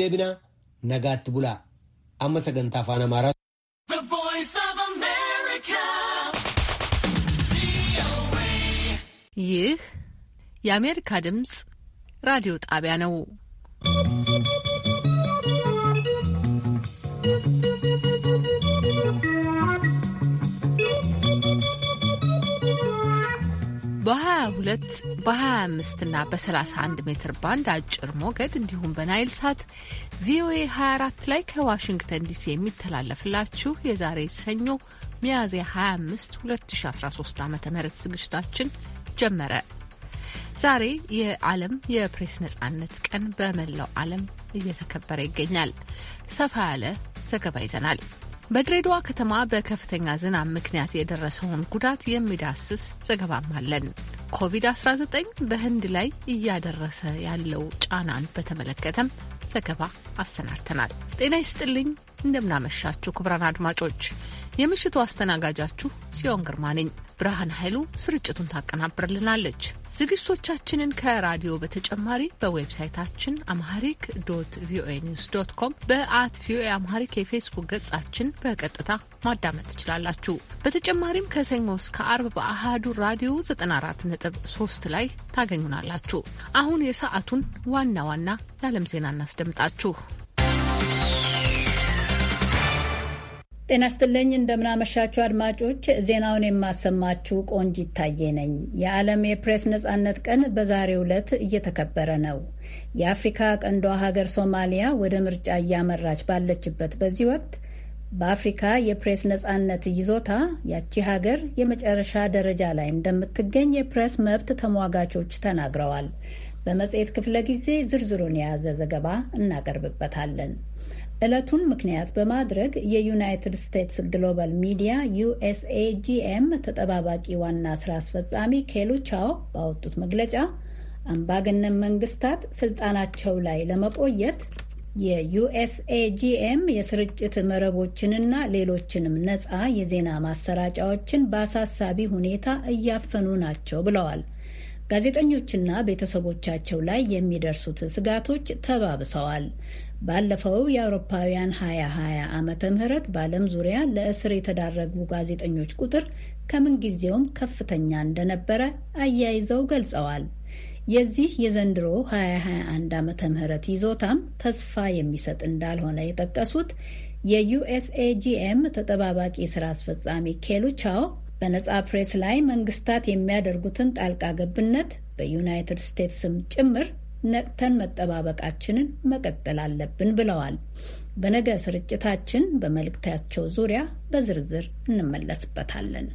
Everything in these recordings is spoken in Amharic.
deebinaa nagaatti bulaa amma sagantaa afaan amaaraa. ይህ የአሜሪካ ድምፅ ራዲዮ ጣቢያ ነው። በ22 በ25 እና በ31 ሜትር ባንድ አጭር ሞገድ እንዲሁም በናይል ሳት ቪኦኤ 24 ላይ ከዋሽንግተን ዲሲ የሚተላለፍላችሁ የዛሬ ሰኞ ሚያዝያ 25 2013 ዓ ም ዝግጅታችን ጀመረ። ዛሬ የዓለም የፕሬስ ነጻነት ቀን በመላው ዓለም እየተከበረ ይገኛል። ሰፋ ያለ ዘገባ ይዘናል። በድሬዳዋ ከተማ በከፍተኛ ዝናብ ምክንያት የደረሰውን ጉዳት የሚዳስስ ዘገባም አለን። ኮቪድ-19 በህንድ ላይ እያደረሰ ያለው ጫናን በተመለከተም ዘገባ አሰናድተናል። ጤና ይስጥልኝ፣ እንደምናመሻችሁ ክቡራን አድማጮች፣ የምሽቱ አስተናጋጃችሁ ሲዮን ግርማ ነኝ። ብርሃን ኃይሉ ስርጭቱን ታቀናብርልናለች። ዝግጅቶቻችንን ከራዲዮ በተጨማሪ በዌብሳይታችን አምሃሪክ ዶት ቪኦኤ ኒውስ ዶት ኮም በአት ቪኦኤ አምሃሪክ የፌስቡክ ገጻችን በቀጥታ ማዳመጥ ትችላላችሁ። በተጨማሪም ከሰኞ እስከ አርብ በአህዱ ራዲዮ 94.3 ላይ ታገኙናላችሁ። አሁን የሰዓቱን ዋና ዋና የዓለም ዜና እናስደምጣችሁ። ጤና ይስጥልኝ እንደምናመሻችሁ አድማጮች፣ ዜናውን የማሰማችሁ ቆንጅ ይታየ ነኝ። የዓለም የፕሬስ ነጻነት ቀን በዛሬው ዕለት እየተከበረ ነው። የአፍሪካ ቀንዷ ሀገር ሶማሊያ ወደ ምርጫ እያመራች ባለችበት በዚህ ወቅት በአፍሪካ የፕሬስ ነጻነት ይዞታ ያቺ ሀገር የመጨረሻ ደረጃ ላይ እንደምትገኝ የፕሬስ መብት ተሟጋቾች ተናግረዋል። በመጽሔት ክፍለ ጊዜ ዝርዝሩን የያዘ ዘገባ እናቀርብበታለን። ዕለቱን ምክንያት በማድረግ የዩናይትድ ስቴትስ ግሎባል ሚዲያ ዩኤስኤጂኤም ተጠባባቂ ዋና ስራ አስፈጻሚ ኬሉቻው ባወጡት መግለጫ አምባገነን መንግስታት ስልጣናቸው ላይ ለመቆየት የዩኤስኤጂኤም የስርጭት መረቦችንና ሌሎችንም ነፃ የዜና ማሰራጫዎችን በአሳሳቢ ሁኔታ እያፈኑ ናቸው ብለዋል። ጋዜጠኞችና ቤተሰቦቻቸው ላይ የሚደርሱት ስጋቶች ተባብሰዋል። ባለፈው የአውሮፓውያን 2020 ዓመተ ምህረት በዓለም ዙሪያ ለእስር የተዳረጉ ጋዜጠኞች ቁጥር ከምንጊዜውም ከፍተኛ እንደነበረ አያይዘው ገልጸዋል። የዚህ የዘንድሮ 2021 ዓመተ ምህረት ይዞታም ተስፋ የሚሰጥ እንዳልሆነ የጠቀሱት የዩኤስኤጂኤም ተጠባባቂ ስራ አስፈጻሚ ኬሉ ቻው በነጻ ፕሬስ ላይ መንግስታት የሚያደርጉትን ጣልቃ ገብነት በዩናይትድ ስቴትስም ጭምር ነቅተን መጠባበቃችንን መቀጠል አለብን ብለዋል። በነገ ስርጭታችን በመልእክታቸው ዙሪያ በዝርዝር እንመለስበታለን።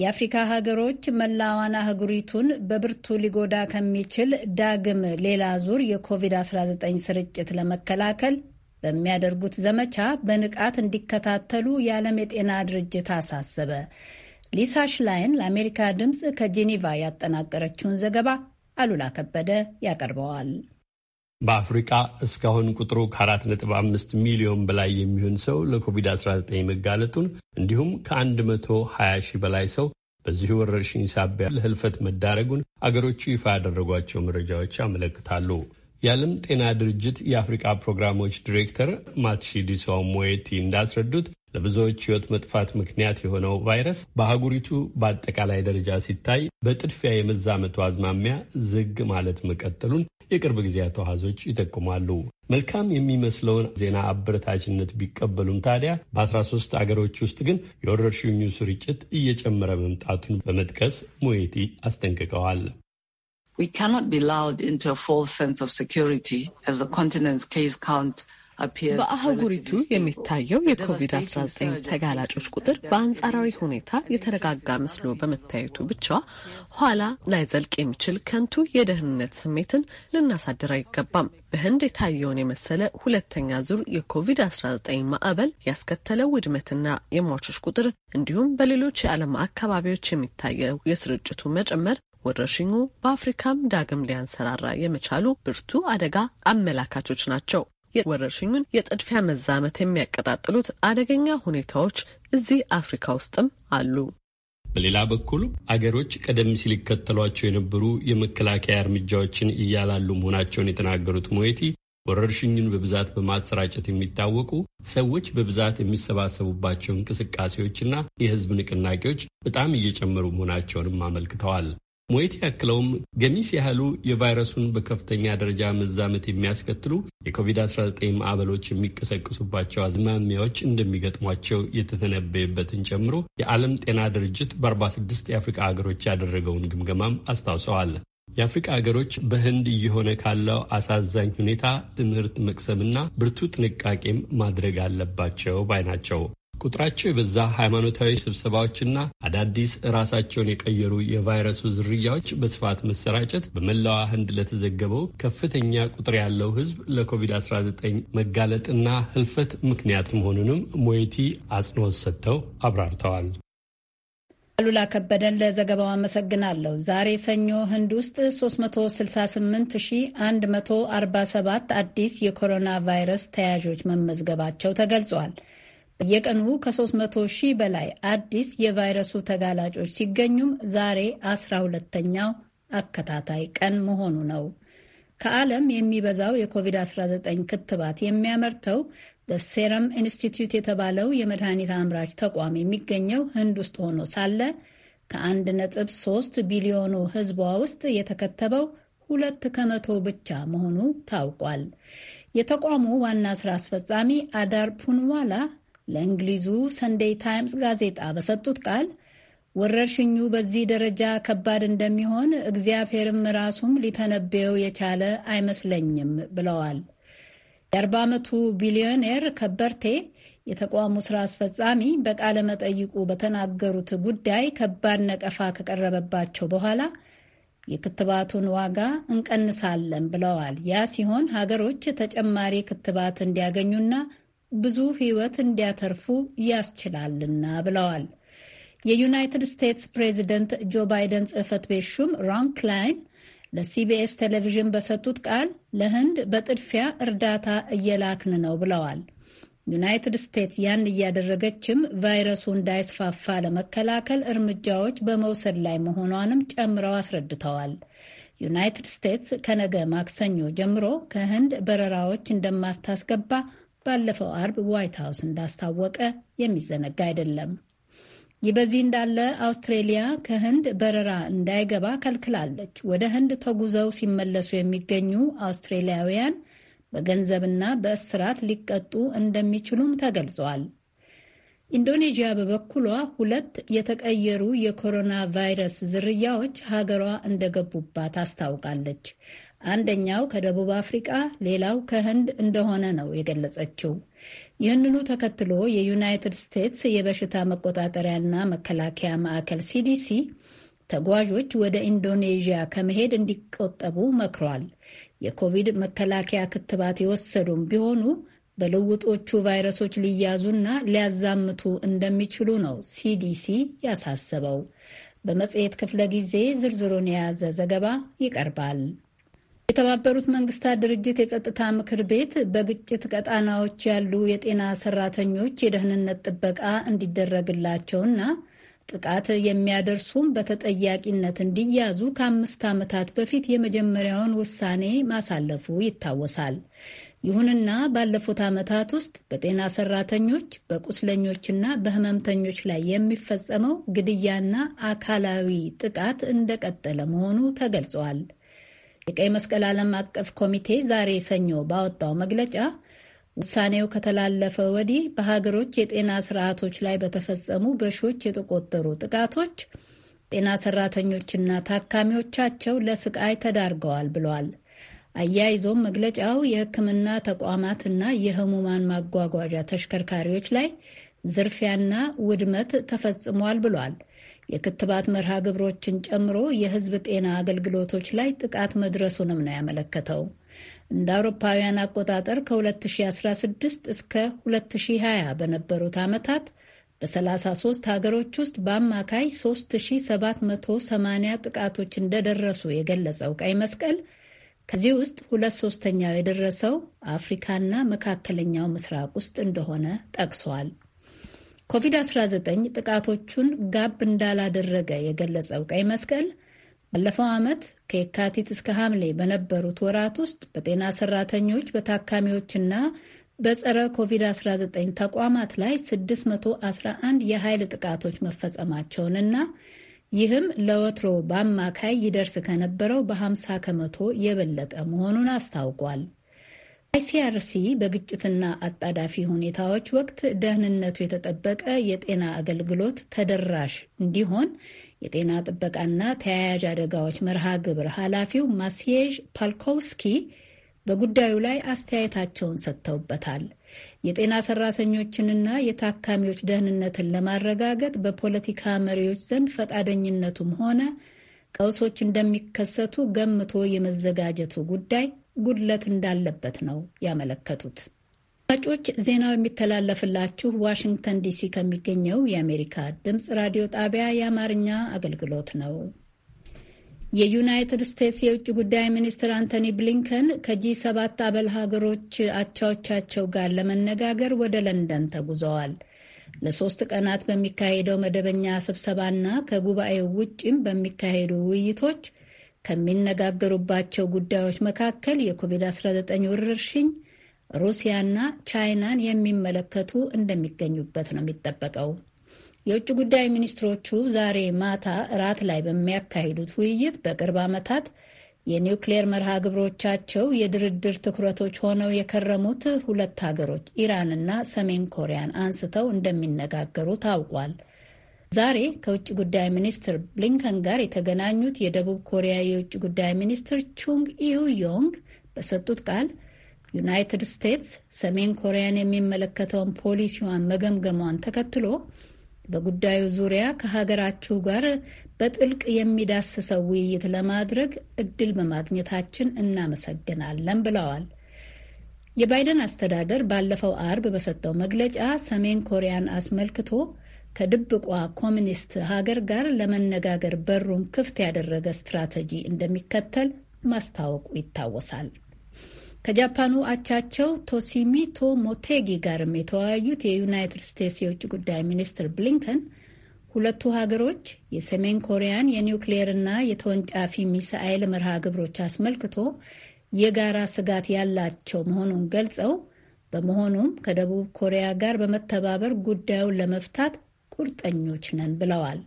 የአፍሪካ ሀገሮች መላዋና ህጉሪቱን በብርቱ ሊጎዳ ከሚችል ዳግም ሌላ ዙር የኮቪድ-19 ስርጭት ለመከላከል በሚያደርጉት ዘመቻ በንቃት እንዲከታተሉ የዓለም የጤና ድርጅት አሳሰበ። ሊሳ ሽላይን ለአሜሪካ ድምፅ ከጄኔቫ ያጠናቀረችውን ዘገባ አሉላ ከበደ ያቀርበዋል። በአፍሪቃ እስካሁን ቁጥሩ ከ4.5 ሚሊዮን በላይ የሚሆን ሰው ለኮቪድ-19 መጋለጡን እንዲሁም ከ120 ሺህ በላይ ሰው በዚህ ወረርሽኝ ሳቢያ ለህልፈት መዳረጉን አገሮቹ ይፋ ያደረጓቸው መረጃዎች ያመለክታሉ። የዓለም ጤና ድርጅት የአፍሪቃ ፕሮግራሞች ዲሬክተር ማትሺዲሶ ሞቲ እንዳስረዱት ለብዙዎች ሕይወት መጥፋት ምክንያት የሆነው ቫይረስ በአህጉሪቱ በአጠቃላይ ደረጃ ሲታይ በጥድፊያ የመዛመቱ አዝማሚያ ዝግ ማለት መቀጠሉን የቅርብ ጊዜያት ተዋዞች ይጠቁማሉ። መልካም የሚመስለውን ዜና አበረታችነት ቢቀበሉም ታዲያ በ13 አገሮች ውስጥ ግን የወረርሽኙ ስርጭት እየጨመረ መምጣቱን በመጥቀስ ሙዌቲ አስጠንቅቀዋል። We cannot be lulled into a false sense of security as the continent's case count በአህጉሪቱ የሚታየው የኮቪድ-19 ተጋላጮች ቁጥር በአንጻራዊ ሁኔታ የተረጋጋ መስሎ በመታየቱ ብቻ ኋላ ላይዘልቅ የሚችል ከንቱ የደህንነት ስሜትን ልናሳድር አይገባም። በህንድ የታየውን የመሰለ ሁለተኛ ዙር የኮቪድ-19 ማዕበል ያስከተለው ውድመትና የሟቾች ቁጥር እንዲሁም በሌሎች የዓለም አካባቢዎች የሚታየው የስርጭቱ መጨመር ወረርሽኙ በአፍሪካም ዳግም ሊያንሰራራ የመቻሉ ብርቱ አደጋ አመላካቾች ናቸው። የወረርሽኙን የጥድፊያ መዛመት የሚያቀጣጥሉት አደገኛ ሁኔታዎች እዚህ አፍሪካ ውስጥም አሉ። በሌላ በኩል አገሮች ቀደም ሲል ይከተሏቸው የነበሩ የመከላከያ እርምጃዎችን እያላሉ መሆናቸውን የተናገሩት ሞየቲ ወረርሽኙን በብዛት በማሰራጨት የሚታወቁ ሰዎች በብዛት የሚሰባሰቡባቸው እንቅስቃሴዎችና የሕዝብ ንቅናቄዎች በጣም እየጨመሩ መሆናቸውንም አመልክተዋል። ሞየት ያክለውም ገሚስ ያህሉ የቫይረሱን በከፍተኛ ደረጃ መዛመት የሚያስከትሉ የኮቪድ-19 ማዕበሎች የሚቀሰቅሱባቸው አዝማሚያዎች እንደሚገጥሟቸው የተተነበየበትን ጨምሮ የዓለም ጤና ድርጅት በ46 የአፍሪቃ ሀገሮች ያደረገውን ግምገማም አስታውሰዋል። የአፍሪቃ ሀገሮች በህንድ እየሆነ ካለው አሳዛኝ ሁኔታ ትምህርት መቅሰምና ብርቱ ጥንቃቄም ማድረግ አለባቸው ባይ ናቸው። ቁጥራቸው የበዛ ሃይማኖታዊ ስብሰባዎችና አዳዲስ ራሳቸውን የቀየሩ የቫይረሱ ዝርያዎች በስፋት መሰራጨት በመላዋ ህንድ ለተዘገበው ከፍተኛ ቁጥር ያለው ህዝብ ለኮቪድ-19 መጋለጥና ህልፈት ምክንያት መሆኑንም ሞይቲ አጽንኦት ሰጥተው አብራርተዋል። አሉላ ከበደን ለዘገባው አመሰግናለሁ። ዛሬ ሰኞ ህንድ ውስጥ 368147 አዲስ የኮሮና ቫይረስ ተያዦች መመዝገባቸው ተገልጿል። በየቀኑ ከ300 ሺህ በላይ አዲስ የቫይረሱ ተጋላጮች ሲገኙም ዛሬ 12ተኛው አከታታይ ቀን መሆኑ ነው። ከዓለም የሚበዛው የኮቪድ-19 ክትባት የሚያመርተው ሴረም ኢንስቲትዩት የተባለው የመድኃኒት አምራች ተቋም የሚገኘው ህንድ ውስጥ ሆኖ ሳለ ከ1.3 ቢሊዮኑ ህዝቧ ውስጥ የተከተበው ሁለት ከመቶ ብቻ መሆኑ ታውቋል። የተቋሙ ዋና ስራ አስፈጻሚ አዳር ፑንዋላ ለእንግሊዙ ሰንዴይ ታይምስ ጋዜጣ በሰጡት ቃል ወረርሽኙ በዚህ ደረጃ ከባድ እንደሚሆን እግዚአብሔርም ራሱም ሊተነበየው የቻለ አይመስለኝም ብለዋል። የአርባ ዓመቱ ቢሊዮኔር ከበርቴ የተቋሙ ስራ አስፈጻሚ በቃለ መጠይቁ በተናገሩት ጉዳይ ከባድ ነቀፋ ከቀረበባቸው በኋላ የክትባቱን ዋጋ እንቀንሳለን ብለዋል። ያ ሲሆን ሀገሮች ተጨማሪ ክትባት እንዲያገኙና ብዙ ሕይወት እንዲያተርፉ ያስችላልና ብለዋል። የዩናይትድ ስቴትስ ፕሬዚደንት ጆ ባይደን ጽህፈት ቤት ሹም ሮን ክላይን ለሲቢኤስ ቴሌቪዥን በሰጡት ቃል ለህንድ በጥድፊያ እርዳታ እየላክን ነው ብለዋል። ዩናይትድ ስቴትስ ያን እያደረገችም ቫይረሱ እንዳይስፋፋ ለመከላከል እርምጃዎች በመውሰድ ላይ መሆኗንም ጨምረው አስረድተዋል። ዩናይትድ ስቴትስ ከነገ ማክሰኞ ጀምሮ ከህንድ በረራዎች እንደማታስገባ ባለፈው አርብ ዋይት ሀውስ እንዳስታወቀ የሚዘነጋ አይደለም። ይህ በዚህ እንዳለ አውስትሬሊያ ከህንድ በረራ እንዳይገባ ከልክላለች። ወደ ህንድ ተጉዘው ሲመለሱ የሚገኙ አውስትሬሊያውያን በገንዘብና በእስራት ሊቀጡ እንደሚችሉም ተገልጿል። ኢንዶኔዥያ በበኩሏ ሁለት የተቀየሩ የኮሮና ቫይረስ ዝርያዎች ሀገሯ እንደገቡባት አስታውቃለች። አንደኛው ከደቡብ አፍሪቃ ሌላው ከህንድ እንደሆነ ነው የገለጸችው። ይህንኑ ተከትሎ የዩናይትድ ስቴትስ የበሽታ መቆጣጠሪያና መከላከያ ማዕከል ሲዲሲ ተጓዦች ወደ ኢንዶኔዥያ ከመሄድ እንዲቆጠቡ መክሯል። የኮቪድ መከላከያ ክትባት የወሰዱም ቢሆኑ በልውጦቹ ቫይረሶች ሊያዙና ሊያዛምቱ እንደሚችሉ ነው ሲዲሲ ያሳሰበው። በመጽሔት ክፍለ ጊዜ ዝርዝሩን የያዘ ዘገባ ይቀርባል። የተባበሩት መንግስታት ድርጅት የጸጥታ ምክር ቤት በግጭት ቀጣናዎች ያሉ የጤና ሰራተኞች የደህንነት ጥበቃ እንዲደረግላቸውና ጥቃት የሚያደርሱም በተጠያቂነት እንዲያዙ ከአምስት ዓመታት በፊት የመጀመሪያውን ውሳኔ ማሳለፉ ይታወሳል። ይሁንና ባለፉት ዓመታት ውስጥ በጤና ሰራተኞች በቁስለኞችና በህመምተኞች ላይ የሚፈጸመው ግድያና አካላዊ ጥቃት እንደቀጠለ መሆኑ ተገልጿል። የቀይ መስቀል ዓለም አቀፍ ኮሚቴ ዛሬ ሰኞ ባወጣው መግለጫ ውሳኔው ከተላለፈ ወዲህ በሀገሮች የጤና ስርዓቶች ላይ በተፈጸሙ በሺዎች የተቆጠሩ ጥቃቶች ጤና ሰራተኞችና ታካሚዎቻቸው ለስቃይ ተዳርገዋል ብሏል። አያይዞም መግለጫው የሕክምና ተቋማትና የህሙማን ማጓጓዣ ተሽከርካሪዎች ላይ ዝርፊያና ውድመት ተፈጽሟል ብሏል። የክትባት መርሃ ግብሮችን ጨምሮ የህዝብ ጤና አገልግሎቶች ላይ ጥቃት መድረሱንም ነው ያመለከተው። እንደ አውሮፓውያን አቆጣጠር ከ2016 እስከ 2020 በነበሩት ዓመታት በ33 ሀገሮች ውስጥ በአማካይ 3780 ጥቃቶች እንደደረሱ የገለጸው ቀይ መስቀል ከዚህ ውስጥ ሁለት ሶስተኛው የደረሰው አፍሪካና መካከለኛው ምስራቅ ውስጥ እንደሆነ ጠቅሷል። ኮቪድ-19 ጥቃቶቹን ጋብ እንዳላደረገ የገለጸው ቀይ መስቀል ባለፈው ዓመት ከየካቲት እስከ ሐምሌ በነበሩት ወራት ውስጥ በጤና ሰራተኞች በታካሚዎችና በጸረ ኮቪድ-19 ተቋማት ላይ 611 የኃይል ጥቃቶች መፈጸማቸውንና ይህም ለወትሮ በአማካይ ይደርስ ከነበረው በ50 ከመቶ የበለጠ መሆኑን አስታውቋል። አይሲአርሲ በግጭትና አጣዳፊ ሁኔታዎች ወቅት ደህንነቱ የተጠበቀ የጤና አገልግሎት ተደራሽ እንዲሆን የጤና ጥበቃና ተያያዥ አደጋዎች መርሃ ግብር ኃላፊው ማስዬዥ ፓልኮውስኪ በጉዳዩ ላይ አስተያየታቸውን ሰጥተውበታል። የጤና ሰራተኞችንና የታካሚዎች ደህንነትን ለማረጋገጥ በፖለቲካ መሪዎች ዘንድ ፈቃደኝነቱም ሆነ ቀውሶች እንደሚከሰቱ ገምቶ የመዘጋጀቱ ጉዳይ ጉድለት እንዳለበት ነው ያመለከቱት። አድማጮች ዜናው የሚተላለፍላችሁ ዋሽንግተን ዲሲ ከሚገኘው የአሜሪካ ድምፅ ራዲዮ ጣቢያ የአማርኛ አገልግሎት ነው። የዩናይትድ ስቴትስ የውጭ ጉዳይ ሚኒስትር አንቶኒ ብሊንከን ከጂ ሰባት አባል ሀገሮች አቻዎቻቸው ጋር ለመነጋገር ወደ ለንደን ተጉዘዋል። ለሶስት ቀናት በሚካሄደው መደበኛ ስብሰባና ከጉባኤው ውጭም በሚካሄዱ ውይይቶች ከሚነጋገሩባቸው ጉዳዮች መካከል የኮቪድ-19 ወረርሽኝ፣ ሩሲያና ቻይናን የሚመለከቱ እንደሚገኙበት ነው የሚጠበቀው። የውጭ ጉዳይ ሚኒስትሮቹ ዛሬ ማታ እራት ላይ በሚያካሂዱት ውይይት በቅርብ ዓመታት የኒውክሌር መርሃ ግብሮቻቸው የድርድር ትኩረቶች ሆነው የከረሙት ሁለት ሀገሮች ኢራንና ሰሜን ኮሪያን አንስተው እንደሚነጋገሩ ታውቋል። ዛሬ ከውጭ ጉዳይ ሚኒስትር ብሊንከን ጋር የተገናኙት የደቡብ ኮሪያ የውጭ ጉዳይ ሚኒስትር ቹንግ ኢዩ ዮንግ በሰጡት ቃል ዩናይትድ ስቴትስ ሰሜን ኮሪያን የሚመለከተውን ፖሊሲዋን መገምገሟን ተከትሎ በጉዳዩ ዙሪያ ከሀገራችሁ ጋር በጥልቅ የሚዳስሰው ውይይት ለማድረግ እድል በማግኘታችን እናመሰግናለን ብለዋል። የባይደን አስተዳደር ባለፈው አርብ በሰጠው መግለጫ ሰሜን ኮሪያን አስመልክቶ ከድብቋ ኮሚኒስት ሀገር ጋር ለመነጋገር በሩን ክፍት ያደረገ ስትራቴጂ እንደሚከተል ማስታወቁ ይታወሳል። ከጃፓኑ አቻቸው ቶሲሚቶ ሞቴጊ ጋርም የተወያዩት የዩናይትድ ስቴትስ የውጭ ጉዳይ ሚኒስትር ብሊንከን ሁለቱ ሀገሮች የሰሜን ኮሪያን የኒውክሌርና የተወንጫፊ ሚሳኤል መርሃ ግብሮች አስመልክቶ የጋራ ስጋት ያላቸው መሆኑን ገልጸው በመሆኑም ከደቡብ ኮሪያ ጋር በመተባበር ጉዳዩን ለመፍታት ቁርጠኞች ነን ብለዋል።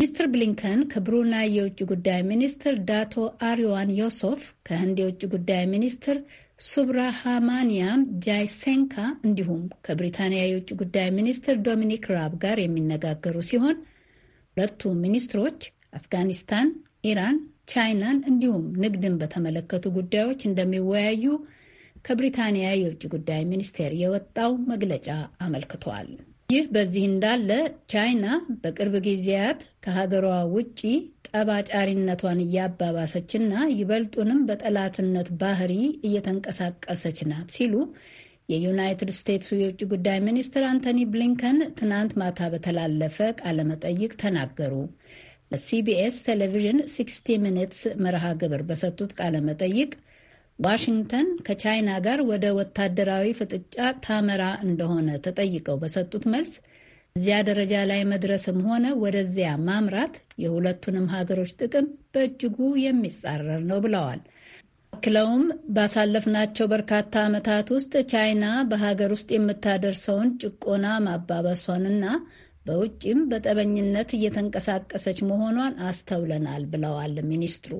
ሚስትር ብሊንከን ከብሩናይ የውጭ ጉዳይ ሚኒስትር ዳቶ አሪዋን ዮሶፍ፣ ከህንድ የውጭ ጉዳይ ሚኒስትር ሱብራሃማንያም ጃይሴንካ እንዲሁም ከብሪታንያ የውጭ ጉዳይ ሚኒስትር ዶሚኒክ ራብ ጋር የሚነጋገሩ ሲሆን ሁለቱ ሚኒስትሮች አፍጋኒስታን፣ ኢራን፣ ቻይናን እንዲሁም ንግድን በተመለከቱ ጉዳዮች እንደሚወያዩ ከብሪታንያ የውጭ ጉዳይ ሚኒስቴር የወጣው መግለጫ አመልክቷል። ይህ በዚህ እንዳለ ቻይና በቅርብ ጊዜያት ከሀገሯ ውጪ ጠባጫሪነቷን እያባባሰችና ይበልጡንም በጠላትነት ባህሪ እየተንቀሳቀሰች ናት ሲሉ የዩናይትድ ስቴትሱ የውጭ ጉዳይ ሚኒስትር አንቶኒ ብሊንከን ትናንት ማታ በተላለፈ ቃለመጠይቅ ተናገሩ። ለሲቢኤስ ቴሌቪዥን 60 ሚኒትስ መርሃ ግብር በሰጡት ቃለመጠይቅ ዋሽንግተን ከቻይና ጋር ወደ ወታደራዊ ፍጥጫ ታመራ እንደሆነ ተጠይቀው በሰጡት መልስ እዚያ ደረጃ ላይ መድረስም ሆነ ወደዚያ ማምራት የሁለቱንም ሀገሮች ጥቅም በእጅጉ የሚጻረር ነው ብለዋል። አክለውም ባሳለፍናቸው በርካታ ዓመታት ውስጥ ቻይና በሀገር ውስጥ የምታደርሰውን ጭቆና ማባበሷንና በውጭም በጠበኝነት እየተንቀሳቀሰች መሆኗን አስተውለናል ብለዋል ሚኒስትሩ።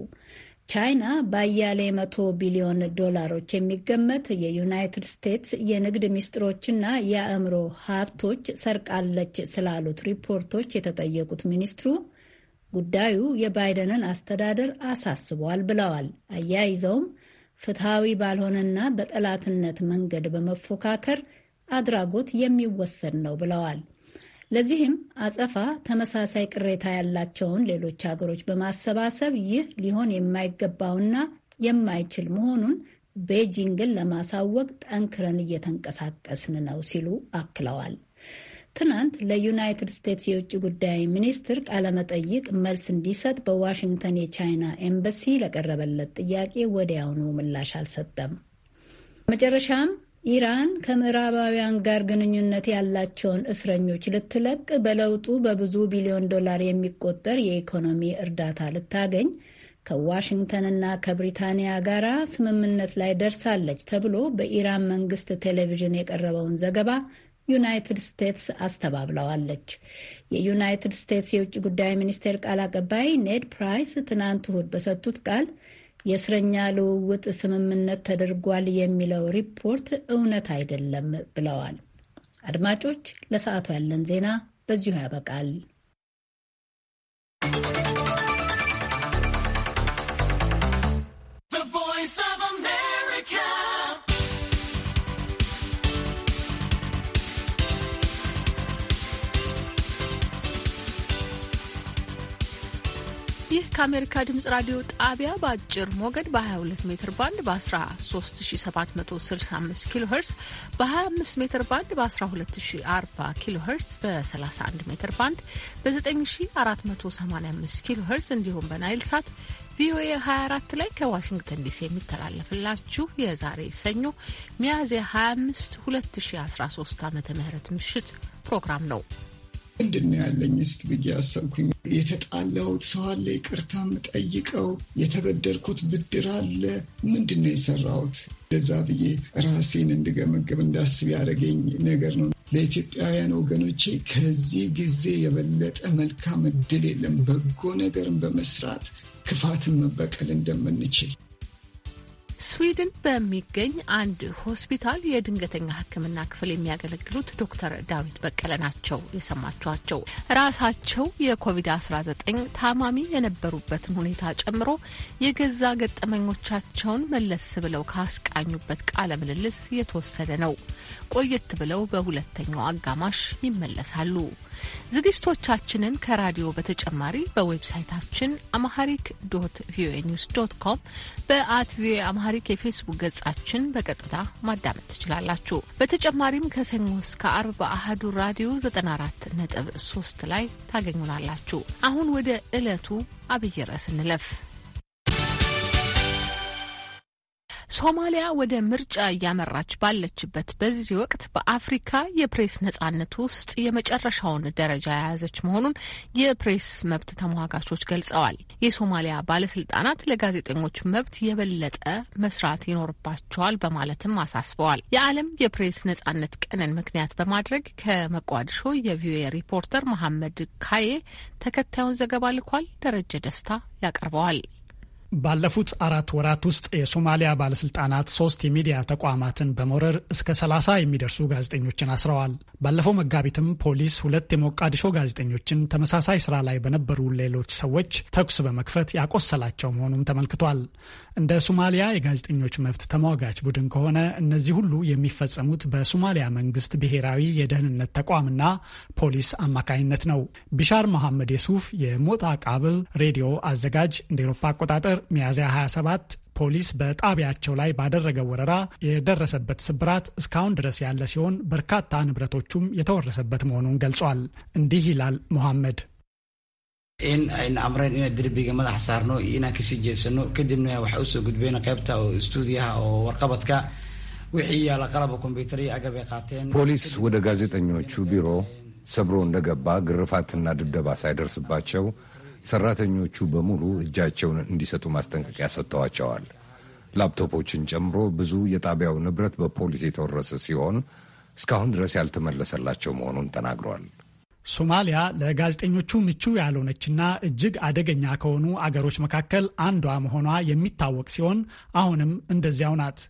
ቻይና በአያሌ መቶ ቢሊዮን ዶላሮች የሚገመት የዩናይትድ ስቴትስ የንግድ ሚስጥሮችና የአእምሮ ሀብቶች ሰርቃለች ስላሉት ሪፖርቶች የተጠየቁት ሚኒስትሩ ጉዳዩ የባይደንን አስተዳደር አሳስቧል ብለዋል። አያይዘውም ፍትሐዊ ባልሆነና በጠላትነት መንገድ በመፎካከር አድራጎት የሚወሰድ ነው ብለዋል። ለዚህም አጸፋ ተመሳሳይ ቅሬታ ያላቸውን ሌሎች ሀገሮች በማሰባሰብ ይህ ሊሆን የማይገባውና የማይችል መሆኑን ቤጂንግን ለማሳወቅ ጠንክረን እየተንቀሳቀስን ነው ሲሉ አክለዋል። ትናንት ለዩናይትድ ስቴትስ የውጭ ጉዳይ ሚኒስትር ቃለመጠይቅ መልስ እንዲሰጥ በዋሽንግተን የቻይና ኤምበሲ ለቀረበለት ጥያቄ ወዲያውኑ ምላሽ አልሰጠም። መጨረሻም ኢራን ከምዕራባውያን ጋር ግንኙነት ያላቸውን እስረኞች ልትለቅ በለውጡ በብዙ ቢሊዮን ዶላር የሚቆጠር የኢኮኖሚ እርዳታ ልታገኝ ከዋሽንግተንና ከብሪታንያ ጋር ስምምነት ላይ ደርሳለች ተብሎ በኢራን መንግስት ቴሌቪዥን የቀረበውን ዘገባ ዩናይትድ ስቴትስ አስተባብለዋለች። የዩናይትድ ስቴትስ የውጭ ጉዳይ ሚኒስቴር ቃል አቀባይ ኔድ ፕራይስ ትናንት እሁድ በሰጡት ቃል የእስረኛ ልውውጥ ስምምነት ተደርጓል የሚለው ሪፖርት እውነት አይደለም ብለዋል። አድማጮች፣ ለሰዓቱ ያለን ዜና በዚሁ ያበቃል። ከአሜሪካ ድምጽ ራዲዮ ጣቢያ በአጭር ሞገድ በ22 ሜትር ባንድ በ13765 ኪሎ ሄርስ በ25 ሜትር ባንድ በ1240 ኪሎ ሄርስ በ31 ሜትር ባንድ በ9485 ኪሎ ሄርስ እንዲሁም በናይል ሳት ቪኦኤ 24 ላይ ከዋሽንግተን ዲሲ የሚተላለፍላችሁ የዛሬ ሰኞ ሚያዝያ 25 2013 ዓ ም ምሽት ፕሮግራም ነው። ምንድን ነው ያለኝ እስኪ ብዬ አሰብኩኝ። የተጣላሁት ሰው አለ፣ ይቅርታ የምጠይቀው የተበደርኩት ብድር አለ። ምንድን ነው የሰራሁት? ለዛ ብዬ ራሴን እንድገመገብ እንዳስብ ያደረገኝ ነገር ነው። ለኢትዮጵያውያን ወገኖቼ ከዚህ ጊዜ የበለጠ መልካም እድል የለም። በጎ ነገርን በመስራት ክፋትን መበቀል እንደምንችል ስዊድን በሚገኝ አንድ ሆስፒታል የድንገተኛ ሕክምና ክፍል የሚያገለግሉት ዶክተር ዳዊት በቀለ ናቸው የሰማችኋቸው። ራሳቸው የኮቪድ-19 ታማሚ የነበሩበትን ሁኔታ ጨምሮ የገዛ ገጠመኞቻቸውን መለስ ብለው ካስቃኙበት ቃለ ምልልስ የተወሰደ ነው። ቆየት ብለው በሁለተኛው አጋማሽ ይመለሳሉ። ዝግጅቶቻችንን ከራዲዮ በተጨማሪ በዌብሳይታችን አማሐሪክ ዶት ቪኦኤ ኒውስ ዶት ኮም በአት ቪኦኤ አማሐሪክ የፌስቡክ ገጻችን በቀጥታ ማዳመጥ ትችላላችሁ። በተጨማሪም ከሰኞ እስከ አርብ በአህዱ ራዲዮ 94 ነጥብ 3 ላይ ታገኙናላችሁ። አሁን ወደ ዕለቱ አብይ ርዕስ እንለፍ። ሶማሊያ ወደ ምርጫ እያመራች ባለችበት በዚህ ወቅት በአፍሪካ የፕሬስ ነጻነት ውስጥ የመጨረሻውን ደረጃ የያዘች መሆኑን የፕሬስ መብት ተሟጋቾች ገልጸዋል። የሶማሊያ ባለስልጣናት ለጋዜጠኞች መብት የበለጠ መስራት ይኖርባቸዋል በማለትም አሳስበዋል። የዓለም የፕሬስ ነጻነት ቀንን ምክንያት በማድረግ ከመቋድሾ የቪኦኤ ሪፖርተር መሐመድ ካዬ ተከታዩን ዘገባ ልኳል። ደረጀ ደስታ ያቀርበዋል። ባለፉት አራት ወራት ውስጥ የሶማሊያ ባለስልጣናት ሶስት የሚዲያ ተቋማትን በመውረር እስከ 30 የሚደርሱ ጋዜጠኞችን አስረዋል። ባለፈው መጋቢትም ፖሊስ ሁለት የሞቃዲሾ ጋዜጠኞችን ተመሳሳይ ስራ ላይ በነበሩ ሌሎች ሰዎች ተኩስ በመክፈት ያቆሰላቸው መሆኑም ተመልክቷል። እንደ ሶማሊያ የጋዜጠኞች መብት ተሟጋች ቡድን ከሆነ እነዚህ ሁሉ የሚፈጸሙት በሶማሊያ መንግስት ብሔራዊ የደህንነት ተቋምና ፖሊስ አማካኝነት ነው። ቢሻር መሐመድ የሱፍ የሞጣ ቃብል ሬዲዮ አዘጋጅ እንደ ኤሮፓ አቆጣጠር ሚያዝያ 27 ፖሊስ በጣቢያቸው ላይ ባደረገው ወረራ የደረሰበት ስብራት እስካሁን ድረስ ያለ ሲሆን በርካታ ንብረቶቹም የተወረሰበት መሆኑን ገልጿል። እንዲህ ይላል መሐመድ in ayna amreen inaan derbiga madaxa saarno iyo inaan kasii jeesano kadibna waxaa usoo gudbeen qaybta stuudiyaha oo warqabadka wixii yaala qalaba kombyuutar iyo agab ay qaateen ፖሊስ ወደ ጋዜጠኞቹ ቢሮ ሰብሮ እንደገባ ግርፋትና ድብደባ ሳይደርስባቸው ሰራተኞቹ በሙሉ እጃቸውን እንዲሰጡ ማስጠንቀቂያ ሰጥተዋቸዋል። ላፕቶፖችን ጨምሮ ብዙ የጣቢያው ንብረት በፖሊስ የተወረሰ ሲሆን እስካሁን ድረስ ያልተመለሰላቸው መሆኑን ተናግሯል። ሶማሊያ ለጋዜጠኞቹ ምቹ ያልሆነችና እጅግ አደገኛ ከሆኑ አገሮች መካከል አንዷ መሆኗ የሚታወቅ ሲሆን አሁንም እንደዚያው ናት።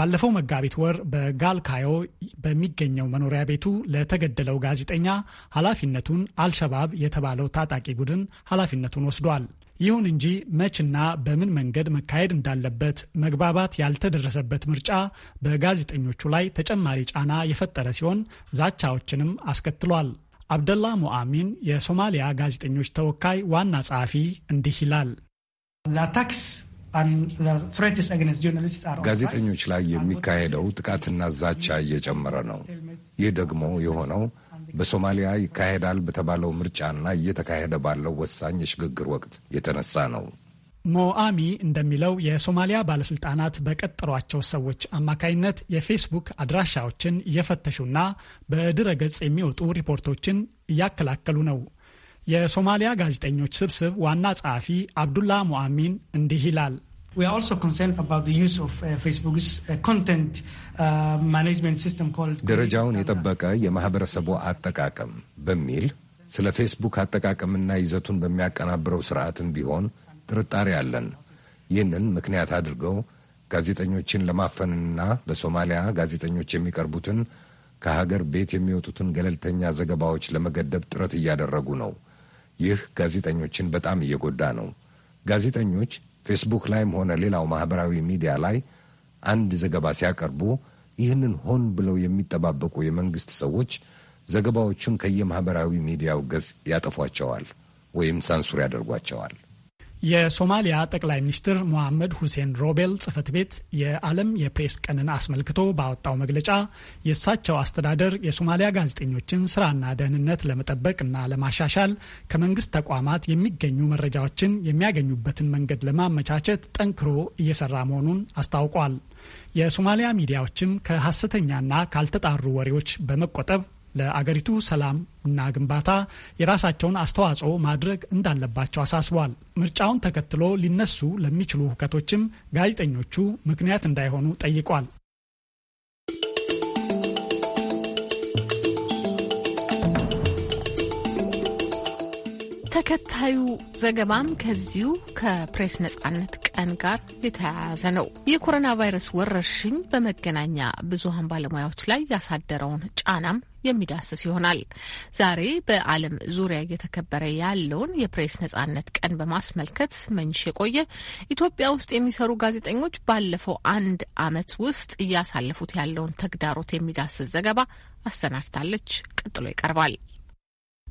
ባለፈው መጋቢት ወር በጋልካዮ በሚገኘው መኖሪያ ቤቱ ለተገደለው ጋዜጠኛ ኃላፊነቱን አልሸባብ የተባለው ታጣቂ ቡድን ኃላፊነቱን ወስዷል። ይሁን እንጂ መችና በምን መንገድ መካሄድ እንዳለበት መግባባት ያልተደረሰበት ምርጫ በጋዜጠኞቹ ላይ ተጨማሪ ጫና የፈጠረ ሲሆን ዛቻዎችንም አስከትሏል። አብደላ ሙአሚን የሶማሊያ ጋዜጠኞች ተወካይ ዋና ጸሐፊ እንዲህ ይላል። ጋዜጠኞች ላይ የሚካሄደው ጥቃትና ዛቻ እየጨመረ ነው። ይህ ደግሞ የሆነው በሶማሊያ ይካሄዳል በተባለው ምርጫና እየተካሄደ ባለው ወሳኝ የሽግግር ወቅት የተነሳ ነው። ሞአሚ እንደሚለው የሶማሊያ ባለስልጣናት በቀጠሯቸው ሰዎች አማካይነት የፌስቡክ አድራሻዎችን እየፈተሹና በድረ ገጽ የሚወጡ ሪፖርቶችን እያከላከሉ ነው። የሶማሊያ ጋዜጠኞች ስብስብ ዋና ጸሐፊ አብዱላ ሙአሚን እንዲህ ይላል። uh, uh, uh, ደረጃውን የጠበቀ የማህበረሰቡ አጠቃቀም በሚል ስለ ፌስቡክ አጠቃቀምና ይዘቱን በሚያቀናብረው ስርዓትም ቢሆን ጥርጣሬ አለን። ይህንን ምክንያት አድርገው ጋዜጠኞችን ለማፈንና በሶማሊያ ጋዜጠኞች የሚቀርቡትን ከሀገር ቤት የሚወጡትን ገለልተኛ ዘገባዎች ለመገደብ ጥረት እያደረጉ ነው። ይህ ጋዜጠኞችን በጣም እየጎዳ ነው። ጋዜጠኞች ፌስቡክ ላይም ሆነ ሌላው ማህበራዊ ሚዲያ ላይ አንድ ዘገባ ሲያቀርቡ ይህንን ሆን ብለው የሚጠባበቁ የመንግስት ሰዎች ዘገባዎቹን ከየማህበራዊ ሚዲያው ገጽ ያጠፏቸዋል ወይም ሳንሱር ያደርጓቸዋል። የሶማሊያ ጠቅላይ ሚኒስትር ሞሐመድ ሁሴን ሮቤል ጽህፈት ቤት የዓለም የፕሬስ ቀንን አስመልክቶ ባወጣው መግለጫ የእሳቸው አስተዳደር የሶማሊያ ጋዜጠኞችን ስራና ደህንነት ለመጠበቅ እና ለማሻሻል ከመንግስት ተቋማት የሚገኙ መረጃዎችን የሚያገኙበትን መንገድ ለማመቻቸት ጠንክሮ እየሰራ መሆኑን አስታውቋል። የሶማሊያ ሚዲያዎችም ከሐሰተኛና ካልተጣሩ ወሬዎች በመቆጠብ ለአገሪቱ ሰላም እና ግንባታ የራሳቸውን አስተዋጽኦ ማድረግ እንዳለባቸው አሳስቧል። ምርጫውን ተከትሎ ሊነሱ ለሚችሉ ሁከቶችም ጋዜጠኞቹ ምክንያት እንዳይሆኑ ጠይቋል። ተከታዩ ዘገባም ከዚሁ ከፕሬስ ነጻነት ቀን ጋር የተያያዘ ነው። የኮሮና ቫይረስ ወረርሽኝ በመገናኛ ብዙሃን ባለሙያዎች ላይ ያሳደረውን ጫናም የሚዳስስ ይሆናል። ዛሬ በዓለም ዙሪያ እየተከበረ ያለውን የፕሬስ ነጻነት ቀን በማስመልከት መንሽ የቆየ ኢትዮጵያ ውስጥ የሚሰሩ ጋዜጠኞች ባለፈው አንድ ዓመት ውስጥ እያሳለፉት ያለውን ተግዳሮት የሚዳስስ ዘገባ አሰናድታለች። ቀጥሎ ይቀርባል።